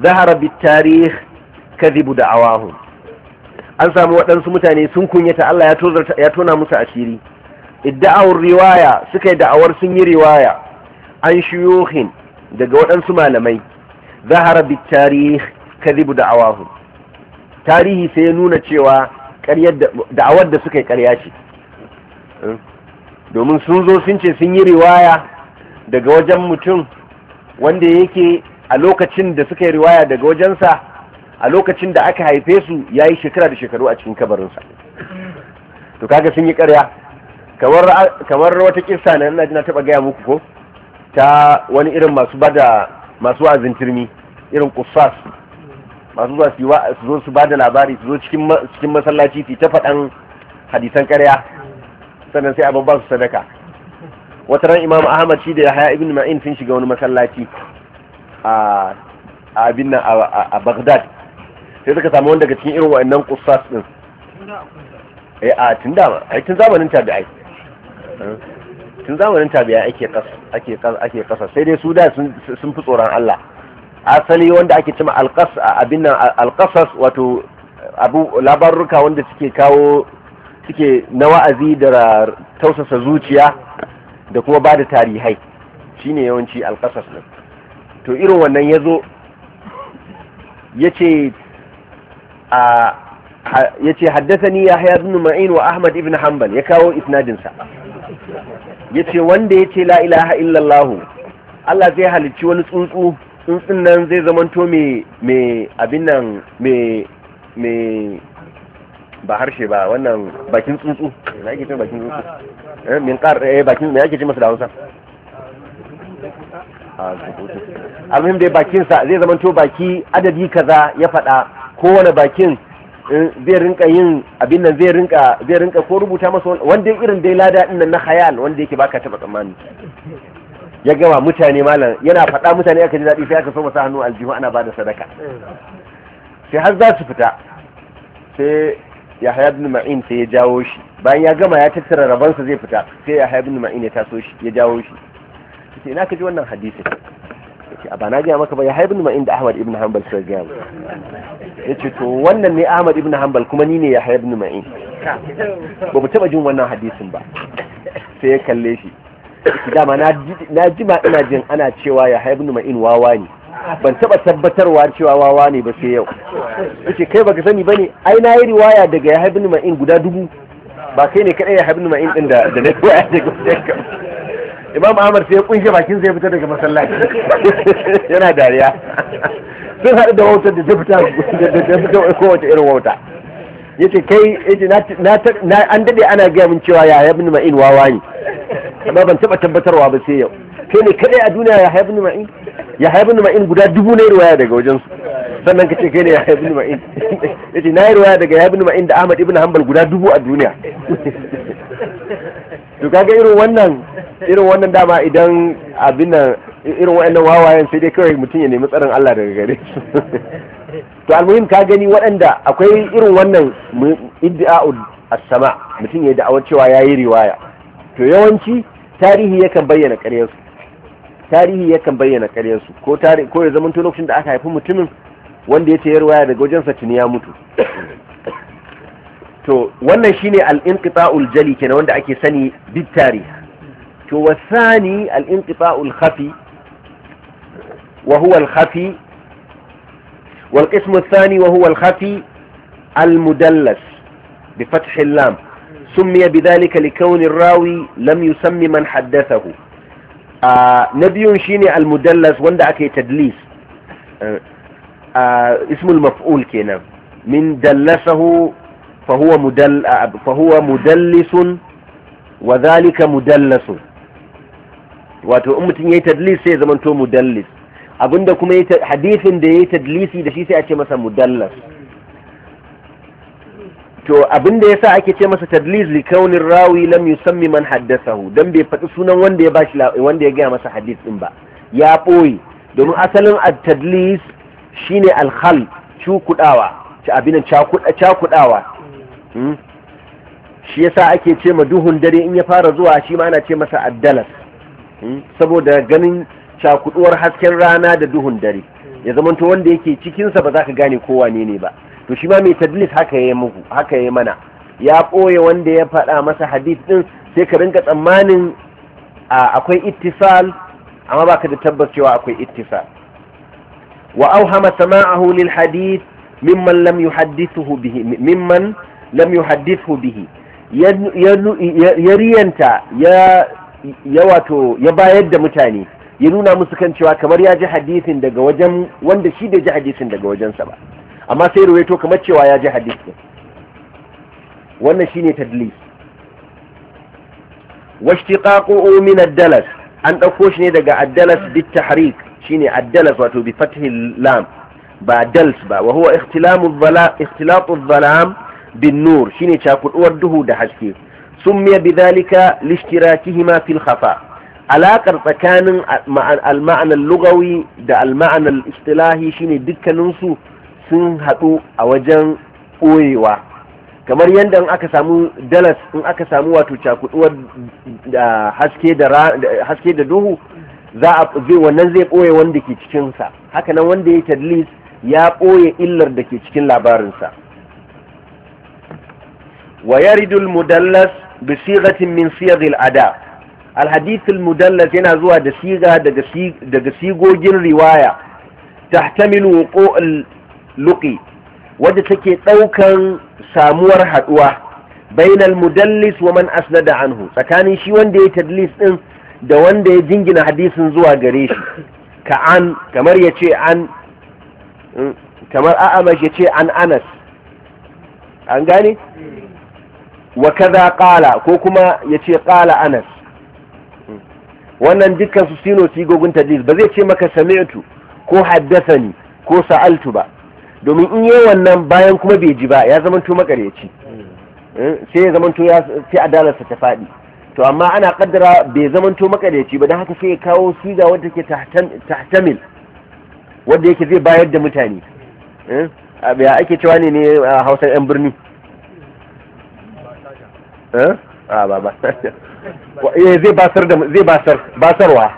ظهر بالتاريخ كذب دعواهم an samu waɗansu mutane sun kunyata Allah ya tona musu asiri idda'awar riwaya suka yi da'awar sun yi riwaya an shuyuhin daga waɗansu malamai zahara bi tarih kadhibu da'awahum tarihi sai ya nuna cewa ƙaryar da'awar da suka yi ƙarya domin sun zo sun ce sun yi riwaya daga wajen mutum wanda yake a lokacin da suka yi riwaya daga wajensa a lokacin da aka haife su ya yi shekara da shekaru a cikin kabarinsa to kaga sun yi karya kamar wata kirsa na ina na taba gaya muku ko ta wani irin masu bada masu wa'azin turmi irin kusas masu zuwa su zo su bada labari su zo cikin masallaci su ta faɗan hadisan karya sannan sai abin su sadaka wata ran imam ahmad shi da yahya ibn ma'in sun shiga wani masallaci a abin nan a baghdad sai suka samu wanda daga cikin irin wa'annan kusas din eh a tun da ai tun zamanin ai tun zamanin tabi'ai ake kas ake kas ake kasa sai dai su da sun fi tsoron Allah asali wanda ake cima alqas abin nan alqasas wato abu labaruka wanda suke kawo suke na wa'azi da tausasa zuciya da kuma ba da tarihai shine yawanci alƙasas nan to irin wannan ya zo ya ce haddasa ni ya haya zunu ma'in wa ahmad ibn hanbal ya kawo isnadinsa ya ce wanda ya ce la'ilaha illallahu allah zai halicci wani tsuntsu tsuntsun nan zai zamanto mai abin nan mai ba harshe ba wannan bakin tsuntsu na bakin tsuntsu Eh, min kar eh bakin me ake ji masa da Hausa ah, almuhim dai bakin sa zai zama to baki adadi kaza ya ko kowane bakin eh, zai rinka yin abin nan zai rinka zai rinka ko rubuta masa wanda irin dai lada din nan na khayal wanda yake baka taba tsammani ya gama mutane malam yana faɗa mutane aka ji daɗi sai aka so masa hannu aljihu ana bada sadaka sai har za su fita sai yahya ibn ma'in sai ya jawo shi bayan ya gama ya tattara rabansa zai fita sai ya haibin ma'in ya taso shi ya jawo shi ce ina ka ji wannan hadisin ce a bana gaya maka ba ya haibin ma'in da ahmad ibn hanbal sai gaya mu ya ce to wannan ne ahmad ibn hanbal kuma ni ne ya haibin ma'in ba mu taba jin wannan hadisin ba sai ya kalle shi dama na ji ma ina jin ana cewa ya haibin ma'in wawa ne ban taba tabbatarwa cewa wawa ne ba sai yau ce kai baka sani bane ai na yi riwaya daga ya haibin ma'in guda dubu ba kai ne kadai ya habnu ma'in ɗin da da ne ya ce ka imam amur sai ya kunshe bakin sai ya fita daga masallaci yana dariya sun haɗu da wautar da ta fita da fita kowace irin wauta ya ce kai an daɗe ana gaya min cewa ya habnu ma'in wawa ne amma ban taɓa tabbatarwa ba sai yau kai ne kadai a duniya ya habnu ma'in ya habnu ma'in guda dubu ne ruwaya daga wajensu sannan ka ce kai ne ya ibn ma'in yace na yi ruwaya daga ya ibn ma'in da Ahmad ibn Hanbal guda dubu a duniya to kaga irin wannan irin wannan dama idan abin nan irin waɗannan wawayen sai dai kawai mutum ya nemi tsarin Allah daga gare su to almuhim ka gani waɗanda akwai irin wannan iddia'ul as-sama mutum ya da'awar cewa yayi riwaya to yawanci tarihi yakan bayyana su tarihi yakan bayyana ƙaryarsu ko ko ya zama lokacin da aka haifi mutumin wanda ya ce ya ruwaya daga wajensa tuni ya mutu to wannan shine al-inqita'ul jali kenan wanda ake sani bit tarih to wasani al-inqita'ul khafi wa huwa al-khafi wal qism ath-thani wa huwa al-khafi al-mudallas bi fath al-lam سمي بذلك لكون الراوي لم يسمي من حدثه آه نبي شيني المدلس وندا اكي تدليس آه ismul maf'ul kenan min dallasahu fa huwa mudall fa huwa mudallisun wa dhalika wato in mutum yi tadlis sai ya zama to mudallis abinda kuma yayi hadisin da yayi tadlisi da shi sai a ce masa mudallas to abinda ya sa ake ce masa tadlis li kaunin rawi lam yusammi man haddathahu dan bai faɗi sunan wanda ya bashi wanda ya ga masa hadis din ba ya ɓoye. domin asalin at-tadlis shine alhal cukudawa ci abin cakudawa hmm? shi yasa ake ce ma duhun dare in ya fara zuwa shi ma ana ce masa addalas hmm? saboda ganin cakuduwar hasken rana da duhun dare ya zamanto wanda yake cikinsa ba za ka gane kowa ne ne ba to shi ma mai tadlis haka ya muku haka ya mana ya ɓoye wanda ya faɗa masa hadith ɗin sai ka rinka tsammanin akwai ittisal amma ba ka da tabbas cewa akwai ittisal وأوهم سماعه للحديث ممن لم يحدثه به ممن لم يحدثه به يرينتا يا yawato ya bayar da mutane ya nuna musu kan cewa kamar ya ji hadisin daga wajen wanda shi da ji hadisin daga wajensa ba amma sai ruwaito kamar cewa ya ji hadisin wannan shine tadlis washtiqaqu min ad-dalas an dauko shi ne daga ad-dalas bit tahrik shine addalas wato bi fathil lam ba dals ba wa huwa ikhtilamu dhalam bin nur shine cakuduwar duhu da haske summiya bidhalika lishtirakihima fil khafa alaqar tsakanin al-ma'ana lugawi da al-ma'ana al-istilahi shine dukkanin su sun hadu a wajen koyewa kamar yadda in aka samu dalas in aka samu wato cakuduwar da haske da duhu za a zai wannan zai ɓoye wanda ke cikinsa hakanan wanda ya yi tadlis ya ɓoye illar da ke cikin labarinsa wa yaridul mudallas bi sigatin min siyagil ada alhadithul mudallas yana zuwa da siga daga sigogin riwaya tahtamilu wuqu'ul luqi wadda take ɗaukan samuwar haɗuwa bainal mudallis wa man asnada anhu tsakanin shi wanda ya tadlis ɗin da wanda ya jingina hadisin zuwa gare shi ka an kamar ya ce an mm, kamar ya ce an anas an gane wa kaza kala ko kuma ya ce kala anas wannan dukkan su sino sigogin tadlis ba zai ce maka sami'tu ko ni ko sa'altu ba domin in yi wannan bayan kuma bai ji ba ya zamanto makareci mm, sai ya zamanto ya fi adalarsa ta faɗi to amma ana kaddara bai zamanto makareci ba don haka sai ya kawo siga wadda ke tahtamil wadda yake zai bayar da mutane eh? ya ake cewa ne ne a hausar yan birni zai basar basarwa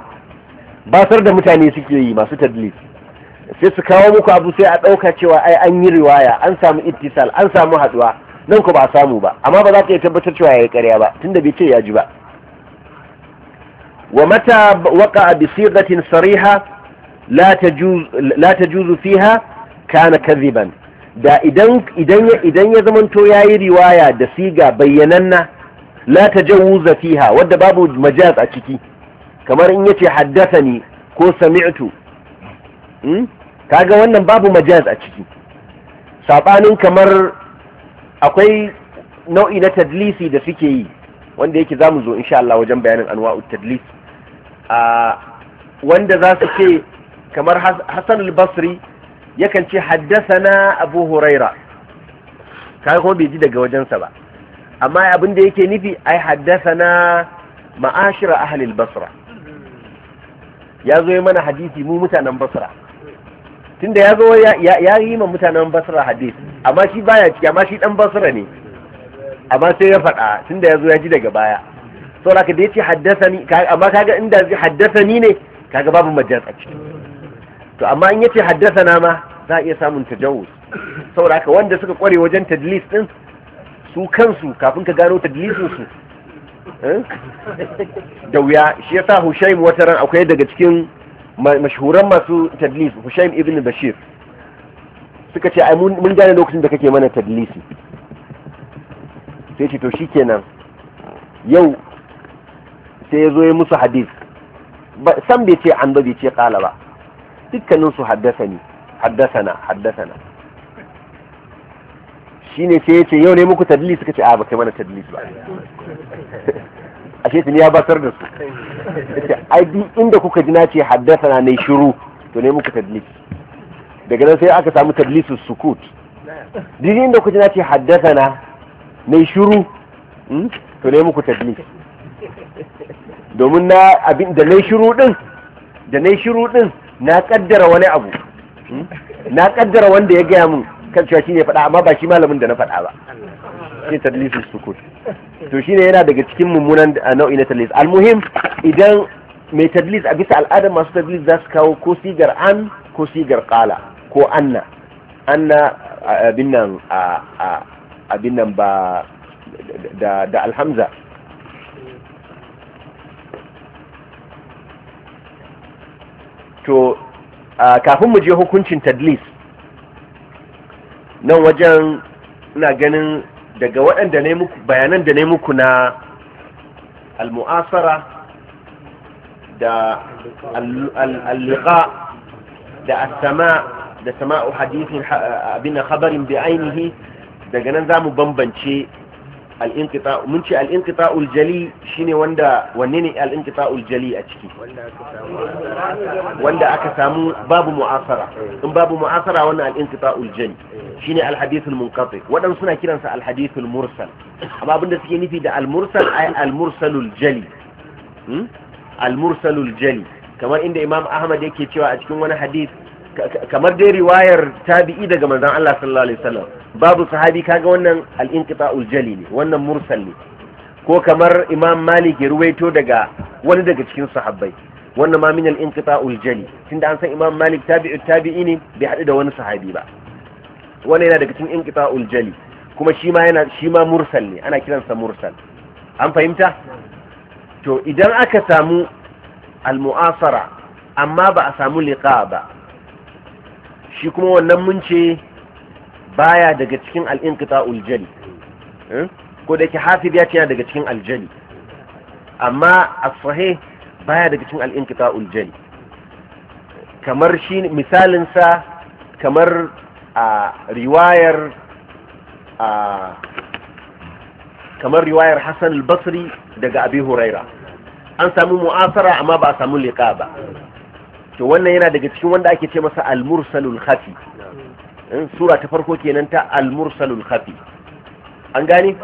basar da mutane suke yi masu tadlis sai su kawo muku abu sai a dauka cewa ai an yi riwaya an samu ittisal an samu haduwa nan ku ba a samu ba amma ba za ka iya tabbatar cewa yayi karya ba tunda bai ce ya ji ba wa mata a bisir sigatin sariha la ta la fiha kana kadhiban da idan idan ya zamanto yayi riwaya da siga bayyananna la tajawuza fiha wadda babu majaz a ciki kamar in yace haddathani ko sami'tu hmm? kaga wannan babu majaz a ciki sabanin kamar akwai nau'i na tadlisi da suke yi wanda yake zamu zo insha Allah wajen bayanin anwa'u tadlis a wanda za su ce kamar Hassan al-Basri yakan ce haddathana Abu Huraira kai kuma bai ji daga wajensa ba amma abin da yake nufi ai haddathana ma'ashira ahli al-Basra ya zo mana hadisi mu mutanen Basra Tun da ya zo ya yi ma mutanen basra hadith amma shi baya ciki amma shi dan basra ne amma sai ya faɗa da ya zo ya ji daga baya so laka da yace haddasani amma kaga inda zai haddasani ne kaga babu majaz a ciki to amma in yace haddasana ma za a iya samun tajawuz saboda ka wanda suka kware wajen tadlis din su kansu kafin ka gano tadlisin su eh, da wuya shi yasa Hushaim ran akwai daga cikin mashhuran masu tadlis Hushaim ibn Bashir suka ce ai mun gane lokacin da kake mana tadlisi sai ce to shikenan yau sai ya zo ya musu hadith san bai ce an bai ce kala ba dukkanin su haddasa ni haddasana haddasana shine sai ya ce yau ne muku tadlis suka ce a ba kai mana tadlis ba ashe tuni ya basar da su ai duk inda kuka ji nace haddasa na shiru to ne muku tadlis daga nan sai aka samu tadlisus sukut duk inda kuka ji nace haddasa na ne shiru hmm, to ne muku tadlis domin na abin da ne shiru din da ne shiru din na kaddara wani abu hmm, na kaddara wanda ya gaya mun kan cewa shine faɗa amma ba shi malamin da na faɗa ba shi su sukut to shine yana daga cikin mummunan nau'i na tadlis almuhim idan mai tadlis a bisa al'adar masu tadlis za su kawo ko sigar an ko sigar kala ko anna anna abin nan abin nan ba da da alhamza to kafin mu je hukuncin tadlis nan wajen ina ganin daga waɗanda ne muku bayanan da ne muku na al-mu'asara da al-liqa da as-sama da sama'u hadithin abin khabarin bi ainihi daga nan zamu bambance al-inqita mun ce al-inqita al-jali shine wanda wanne ne al-inqita al-jali a ciki wanda aka samu babu mu'asara in babu mu'asara wannan al-inqita al-jali shine al-hadith al-munqati wadan suna kiransa alhadisul hadith al-mursal amma abinda suke nufi da al-mursal ay al jali hmm? almursalul jali kamar inda imam ahmad yake cewa a cikin wani hadis. kamar dai riwayar tabi'i daga manzon Allah sallallahu alaihi wasallam babu sahabi kaga wannan al-inqita'ul jali ne wannan mursal ne ko kamar Imam Malik ya ruwaito daga wani daga cikin sahabbai wannan ma min al-inqita'ul jali tunda an san Imam Malik tabi'ut tabi'i ne bai hadu da wani sahabi ba wannan yana daga cikin inqita'ul jali kuma shi ma yana shi ma mursal ne ana kiransa mursal an fahimta to idan aka samu al-mu'asara amma ba a samu liqa ba shi kuma wannan mun ce baya daga cikin al'inkita uljali eh? ko da ke hafid ya ce yana daga cikin aljali amma asfahe baya daga cikin al'inkita uljali kamar shi misalinsa kamar a riwayar a kamar riwayar hassan al-basri daga abi huraira an sami mu'asara amma ba a samu liƙa ba to wannan yana daga cikin wanda ake ce masa al-mursalul khafi sura ta farko kenan ta al-mursalul khafi an gani?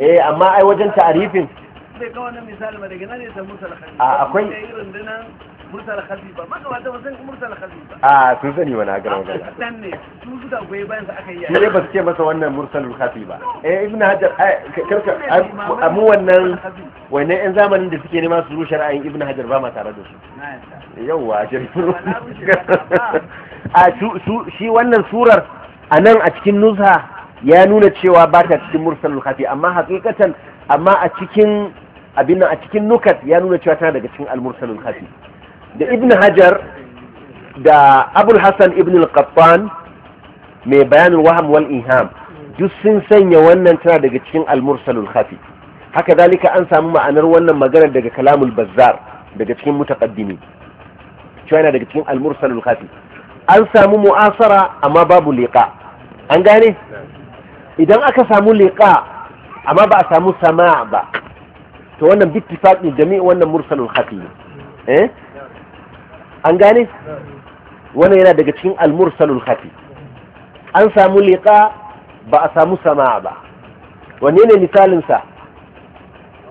eh amma ai wajen khafi akwai mursala khalbi ba maka wata ba san mursala ah a sun sani wani agar magana dan ne sun suka goye bayan sa aka yi ne ba su ce masa wannan mursalul khalbi ba eh ibnu hajar eh, karka amu wannan wannan yan zamanin da suke nema su rushe ra'ayin ibnu hajar ba ma tare da su yawa shirkin a su shi wannan surar a nan a cikin nusa ya nuna cewa ba ta cikin mursalul khafi amma hakikatan amma a cikin abin a cikin nukat ya nuna cewa tana daga cikin al-mursalul khafi da ibn hajar da abul hassan ibn al-qattan mai bayanin waham wal inham duk sun sanya wannan tana daga cikin al-mursalul khafi haka zalika an samu ma'anar wannan magana daga kalamul bazzar daga cikin mutaqaddimi cewa yana daga cikin al-mursalul khafi an samu mu'asara amma babu liqa an gane idan aka samu liqa amma ba a samu sama ba to wannan bittifaqi jami'i wannan mursalul khafi eh an gane wannan yana daga cikin salul khafi an samu liqa ba a samu sama ba wanne ne misalinsa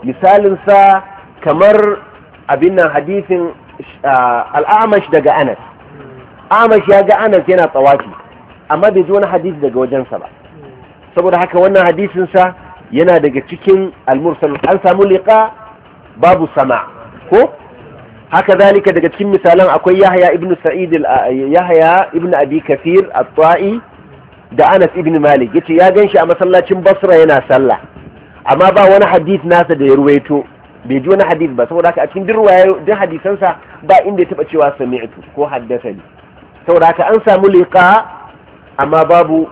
misalinsa kamar abin nan hadisin ah, al'amash daga anas amash ya ga anas yana tsawafi amma bai ji wani hadisi daga wajensa ba saboda haka wannan hadisinsa yana daga cikin almursal an samu liqa babu sama ko haka zalika daga cikin misalan akwai yahaya ibn sa'id yahaya ibn abi kafir at-ta'i da anas ibn malik yace ya ganshi a masallacin basra yana sallah amma ba wani hadith nasa da ya ruwaito bai ji wani hadith ba saboda haka a cikin duk hadisansa ba inda ya taba cewa sami'tu ko haddathani saboda haka an samu liqa amma babu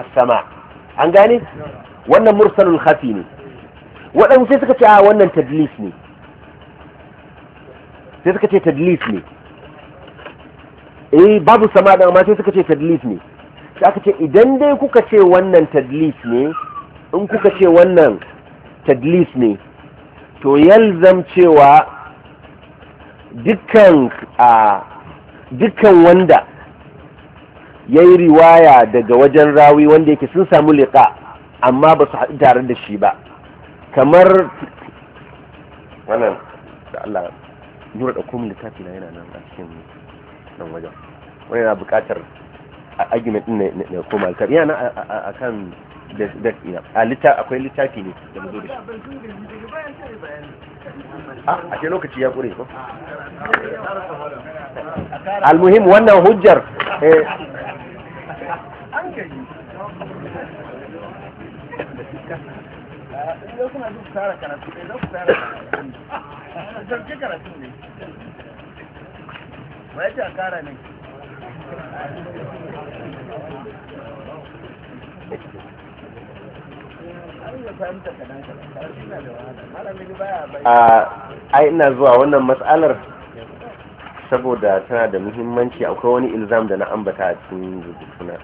as-sama an gane wannan mursalul khafi ne sai suka ce a wannan tadlis ne sai suka ce tadlis ne eh babu sama da amma sai suka ce tadlis ne sai aka ce idan dai kuka ce wannan tadlis ne in kuka ce wannan tadlis ne to yalzam cewa dukkan a dukkan wanda ya yi riwaya daga wajen rawi wanda yake sun samu liƙa amma ba su haɗu tare da shi ba kamar wannan da Allah nura da komin tafi na yana nan a cikin nan wajen wani yana bukatar argument din na koma alkar yana nan a kan desk ina a littafi akwai littafi ne da mu zo da shi a ce lokaci ya kure ko almuhim wannan hujjar eh Eh, a ina zuwa wannan matsalar saboda tana da muhimmanci akwai wani ilzam da na ambata a cikin rubutuna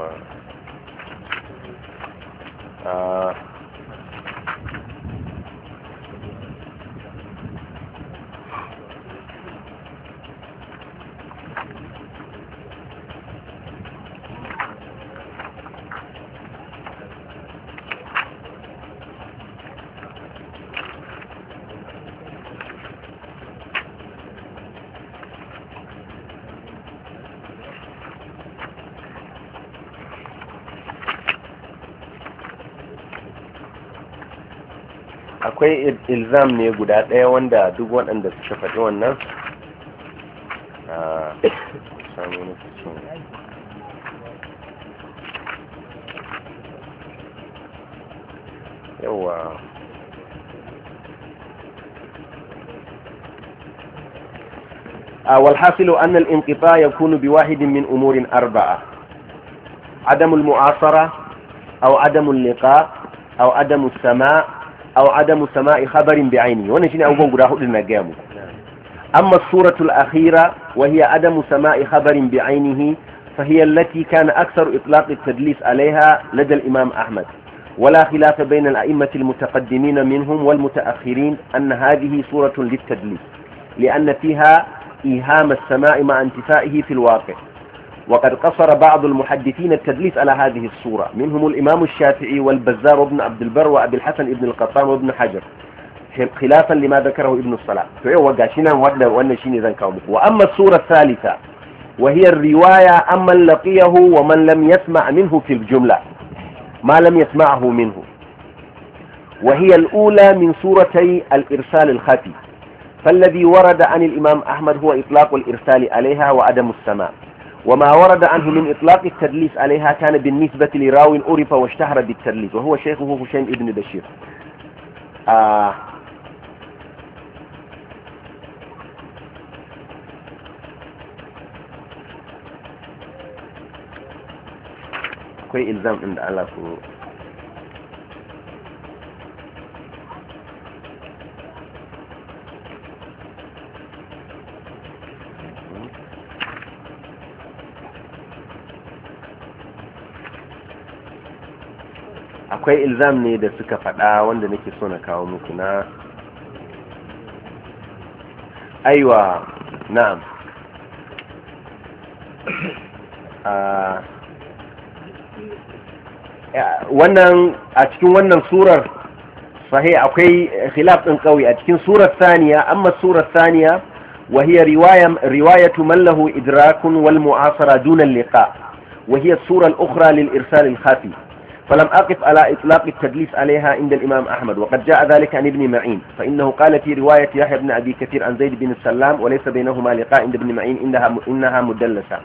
line. Uh, akwai ilzam ne guda ɗaya wanda duk waɗanda suka faɗi wannan yawa والحاصل أن الانقطاع يكون بواحد من أمور أربعة عدم المعاصرة أو عدم اللقاء أو عدم السماء أو عدم سماء خبر بعينه وانا شيني أقول قراءه لنا قيامه أما الصورة الأخيرة وهي عدم سماء خبر بعينه فهي التي كان أكثر إطلاق التدليس عليها لدى الإمام أحمد ولا خلاف بين الأئمة المتقدمين منهم والمتأخرين أن هذه صورة للتدليس لأن فيها إيهام السماء مع انتفائه في الواقع وقد قصر بعض المحدثين التدليس على هذه الصورة منهم الإمام الشافعي والبزار وابن عبد البر وأبي الحسن ابن القطان وابن حجر خلافا لما ذكره ابن الصلاة وأما الصورة الثالثة وهي الرواية أما لقيه ومن لم يسمع منه في الجملة ما لم يسمعه منه وهي الأولى من صورتي الإرسال الخفي فالذي ورد عن الإمام أحمد هو إطلاق الإرسال عليها وعدم السماع وما ورد عنه من إطلاق التدليس عليها كان بالنسبة لراوي أورف واشتهر بالتدليس وهو شيخه هشام ابن بشير آه akwai الزام ɗin da akwai ilzam ne da suka faɗa wanda nake so na kawo muku na aiwa na'am wannan a cikin wannan surar sahih akwai khilaf ɗin ƙauye a cikin surar saniya amma surar saniya wa riwaya riwayatu Mallahu idrakun wal mu'asara duna liqa wa hiya ukhra lil irsal khafi فلم أقف على إطلاق التدليس عليها عند الإمام أحمد وقد جاء ذلك عن ابن معين فإنه قال في رواية يحيى بن أبي كثير عن زيد بن السلام وليس بينهما لقاء عند ابن معين إنها, إنها مدلسة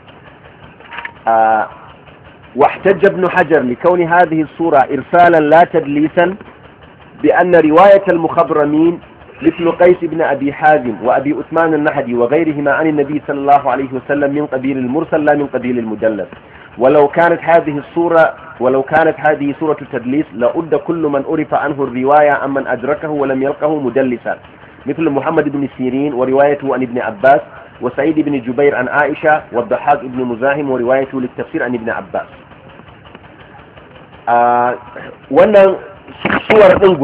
آه واحتج ابن حجر لكون هذه الصورة إرسالا لا تدليسا بأن رواية المخضرمين مثل قيس بن أبي حازم وأبي أثمان النحدي وغيرهما عن النبي صلى الله عليه وسلم من قبيل المرسل لا من قبيل المدلس ولو كانت هذه الصورة ولو كانت هذه صورة التدليس لأد كل من أرف عنه الرواية عمن أدركه ولم يلقه مدلسا مثل محمد بن سيرين وروايته عن ابن عباس وسعيد بن جبير عن عائشة والضحاك بن مزاحم وروايته للتفسير عن ابن عباس وانا آه، suwar ɗin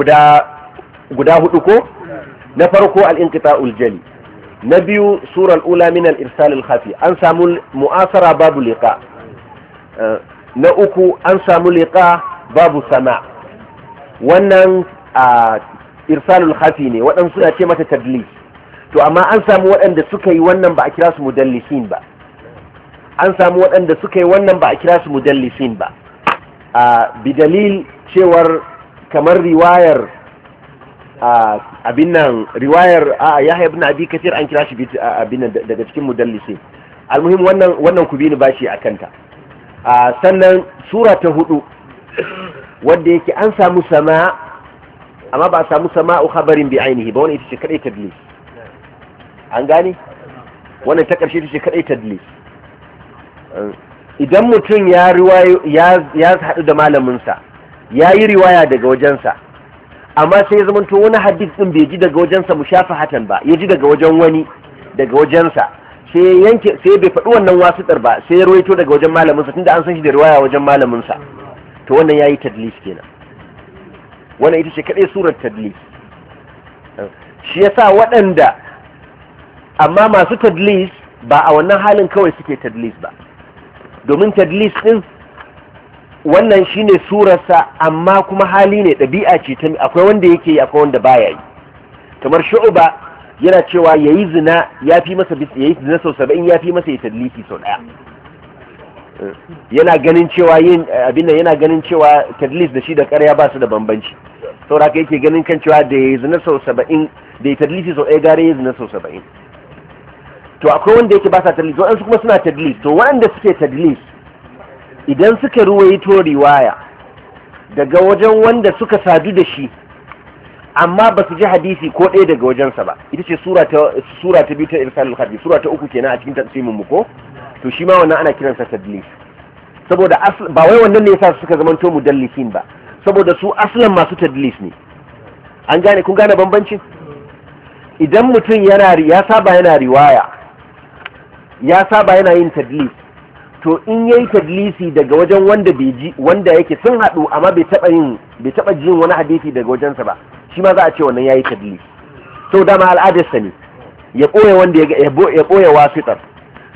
guda hudu ko na الانقطاع الجلي نبيو na الاولى من الارسال الخفي al مؤاثرة باب اللقاء na uku an samu liƙa babu sana wannan a irsalul hafi ne waɗansu na ce mata tadlis to amma an samu waɗanda suka yi wannan ba a kira su mudallisin ba an samu waɗanda suka yi wannan ba a kira su mudallisin ba a bidalil cewar kamar riwayar abin nan riwayar a yahya na abi kasir an kira shi abin nan daga cikin mudallisin almuhim wannan wannan ku bi ni bashi kanta. a sannan sura ta hudu wanda yake an samu sama amma ba a samu a khabarin bi ainihi ba wani ita ce kadai tadlis an gani wannan ta karshe ita ce kadai tadlis idan mutum ya ya haɗu da malaminsa ya yi riwaya daga wajensa amma sai ya to wani hadith ɗin bai ji daga wajensa mu shafa hatan ba ya ji daga wajen wani daga wajensa sai yanke sai bai faɗi wannan wasitar ba sai ya rawaito daga wajen malamin sa tunda an san shi da riwaya wajen malamin sa to wannan yayi tadlis kenan wannan ita ce kadai surar tadlis shi yasa waɗanda amma masu tadlis ba a wannan halin kawai suke tadlis ba domin tadlis din wannan shine surarsa amma kuma hali ne ɗabi'a ce ta akwai wanda yake yi akwai wanda baya yi kamar shu'uba yana cewa ya yi zina ya fi masa ya yi zina sau saba'in ya fi masa ya tallifi sau ɗaya yana ganin cewa yin abin nan yana ganin cewa tallif da shi da ƙarya ba su da bambanci saura ka yake ganin kan cewa da ya yi zina sau saba'in da ya tadlisi sau ɗaya gare ya zina sau saba'in to akwai wanda yake ba sa to waɗansu kuma suna tallif. to waɗanda suke tallif, idan suka tori riwaya daga wajen wanda suka sadu da shi amma ba su ji hadisi ko ɗaya daga wajensa ba ita ce sura ta sura ta biyu ta irsalul kharbi sura ta uku kenan a cikin tafsimin mu ko to shi ma wannan ana kiransa tadlis saboda ba wai wannan ne yasa suka zamanto mudallisin ba saboda su aslan masu tadlis ne an gane kun gane bambancin idan mutum yana ya saba yana riwaya ya saba yana yin tadlis to in yayi tadlisi daga wajen wanda bai ji wanda yake sun haɗu amma bai taɓa yin bai taɓa jin wani hadisi daga wajensa ba shi ma za a ce wannan yayi tadlis sau dama al'adarsa ne ya ɓoye wanda ya koya wasitar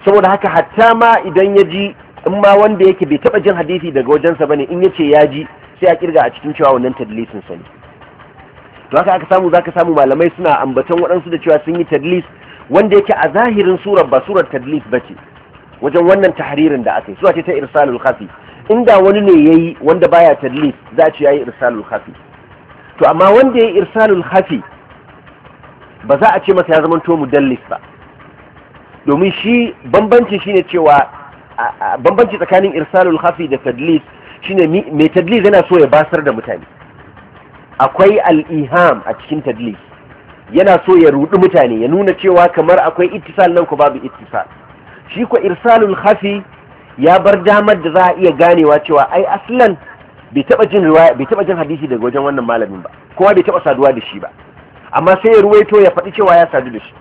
saboda haka hatta ma idan ya ji in ma wanda yake bai taɓa jin hadisi daga wajensa bane in ya ce ya ji sai a kirga a cikin cewa wannan tadlisin sa ne to haka aka samu zaka samu malamai suna ambaton waɗansu da cewa sun yi tadlis wanda yake a zahirin surar ba surar tadlis bace wajen wannan tahririn da aka yi suwa ce ta irsalul khafi inda wani ne yayi wanda baya tadlis za a ce yayi irsalul khafi to amma wanda ya irsalul hafi ba za a ce masa ya zama mu mudallis ba domin shi bambanci shine cewa bambanci tsakanin irsalul hafi da tadlis shine mai tadlis yana so ya basar da mutane akwai al a cikin tadlis yana so ya rudu mutane ya nuna cewa kamar akwai ittisal nan ku babu ittisal shi ko irsalul hafi ya bar damar da za a iya ganewa cewa ai aslan bai taba jin hadisi daga wajen wannan malamin ba kuma bai taba saduwa da shi ba amma sai ya ruwaito ya faɗi cewa ya sadu da shi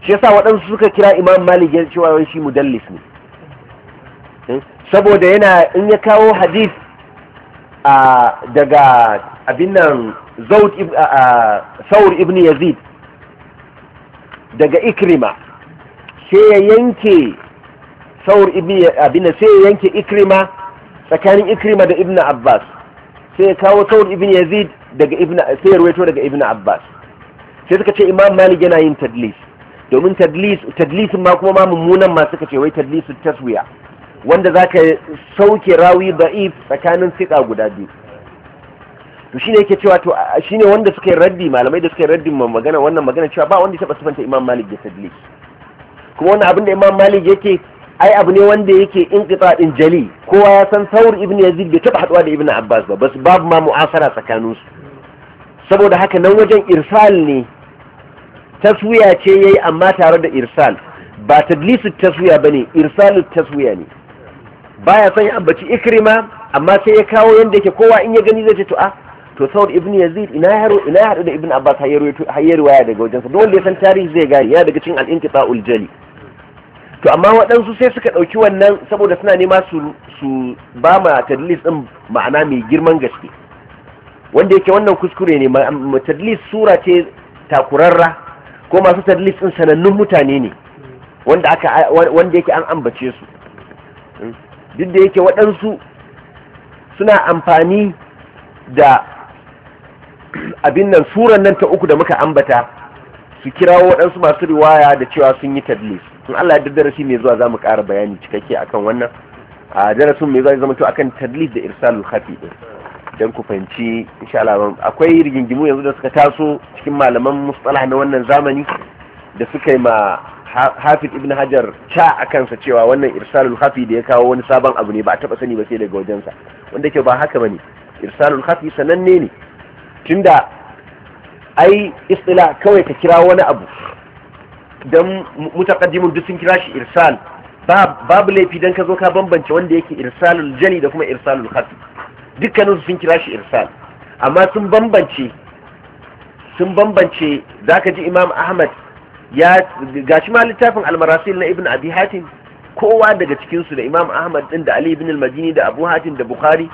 shi yasa waɗansu suka kira imam malik ya cewa shi mudallis ne eh? saboda yana in ya kawo hadis daga abin nan saur ibn yazid daga ikrima sai ya yanke saur sai ya yanke ikrima tsakanin ikrima da ibn abbas sai ya kawo saurin ibn yazid daga ibn sai ya ruwaito daga ibn abbas sai suka ce imam malik yana yin tadlis domin tadlis tadlis ma kuma ma mummunan ma suka ce wai tadlis taswiya wanda zaka sauke rawi da'if tsakanin sika guda biyu to shine yake cewa to shine wanda suka yi raddi malamai da suka yi raddin magana wannan magana cewa ba wanda ya taba sifanta imam malik da tadlis kuma wannan abin da imam malik yake ai abu ne wanda yake inqita din jali kowa ya san saur ibn yazid bai taba haduwa da ibn abbas ba bas babu ma mu'asara tsakanin su saboda haka nan wajen irsal ne taswiya ce yayi amma tare da irsal ba tadlisu taswiya bane irsalu taswiya ne baya san ya ambaci ikrima amma sai ya kawo yanda yake kowa in ya gani zai ce to a ah, to saur ibn yazid ina yaro ina ya hadu da ibn abbas har ya riwaya daga wajensa dole ya san tarihi zai gane ya daga cikin al-inqita'ul jali to amma waɗansu sai suka ɗauki wannan saboda suna nema su ba ma tadlis ɗin ma'ana mai girman gaske wanda yake wannan kuskure ne tadlis sura ce takurarra ko masu tadlis ɗin sanannun mutane ne wanda aka wanda yake an ambace su duk da yake waɗansu suna amfani da abin nan suran nan ta uku da muka ambata su kirawo waɗansu masu riwaya da cewa sun yi tadlis in Allah ya darasi mai zuwa za mu kara bayani cikakke a kan wannan a darasin mai zuwa zama to akan tadlid da irsalul hafi din dan ku fahimci insha Allah akwai rigingimu yanzu da suka taso cikin malaman mustalah na wannan zamani da suka yi ma Hafiz Ibn Hajar ca a kansa cewa wannan irsalul hafi da ya kawo wani sabon abu ne ba a taba sani ba sai daga wajensa wanda ke ba haka bane irsalul hafi sananne ne tunda ai istila kawai ka kira wani abu don mutaqaddimun duk sun kira shi irsal babu laifi dan ka zo ka bambance wanda yake irsalul jali da kuma irsalul khas dukkanin sun kira shi irsal amma sun bambance sun bambance zaka ji imam ahmad ya gashi ma littafin almarasil na ibn abi hatim kowa daga cikin su da imam ahmad din da ali ibn al-madini da abu hatim da bukhari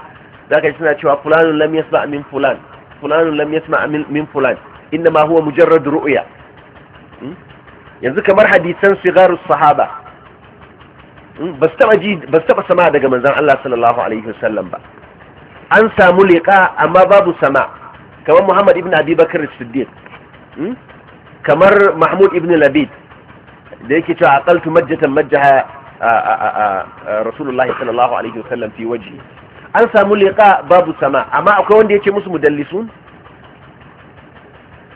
zaka ji suna cewa fulanun lam yasma min fulan fulanun lam yasma min fulan ma huwa mujarrad ru'ya hmm? yanzu kamar hadisan sigaru sahaba ba su taba sama daga manzan Allah sallallahu alaihi wasallam ba an samu liƙa amma babu sama kamar Muhammad ibn Abi Bakr Siddiq hmm, kamar Mahmud ibn Labid da yake cewa aqaltu majjatan majjaha Rasulullahi sallallahu alaihi wasallam fi waje. an samu liƙa babu sama amma akwai wanda yake musu mudallisun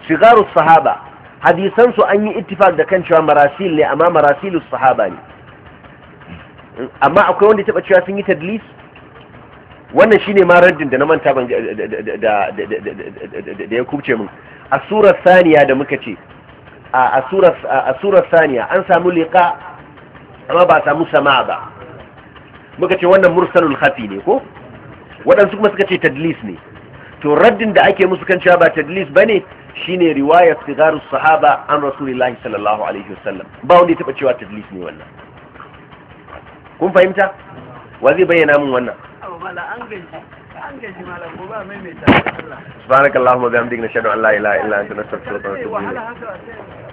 sigaru sahaba hadisansu an yi ittifaq da kan cewa marasil ne amma marasilu sahaba ne amma akwai wanda ya taba cewa sun yi tadlis wannan shine ma raddin da na manta ban da ya kubce min a surar saniya da muka ce a surar saniya an samu liqa amma ba samu sama ba muka ce wannan mursalul khafi ne ko waɗansu kuma suka ce tadlis ne to raddin da ake musu kan cewa ba tadlis bane shine riwayar sigaru sahaba an rasulullahi sallallahu alaihi wasallam ba wanda ya taba cewa tadlis ne wannan kun fahimta wa zai bayyana min wannan سبحانك bihamdika nashhadu an la, ilaha illa anta انت wa ونتوب ilayk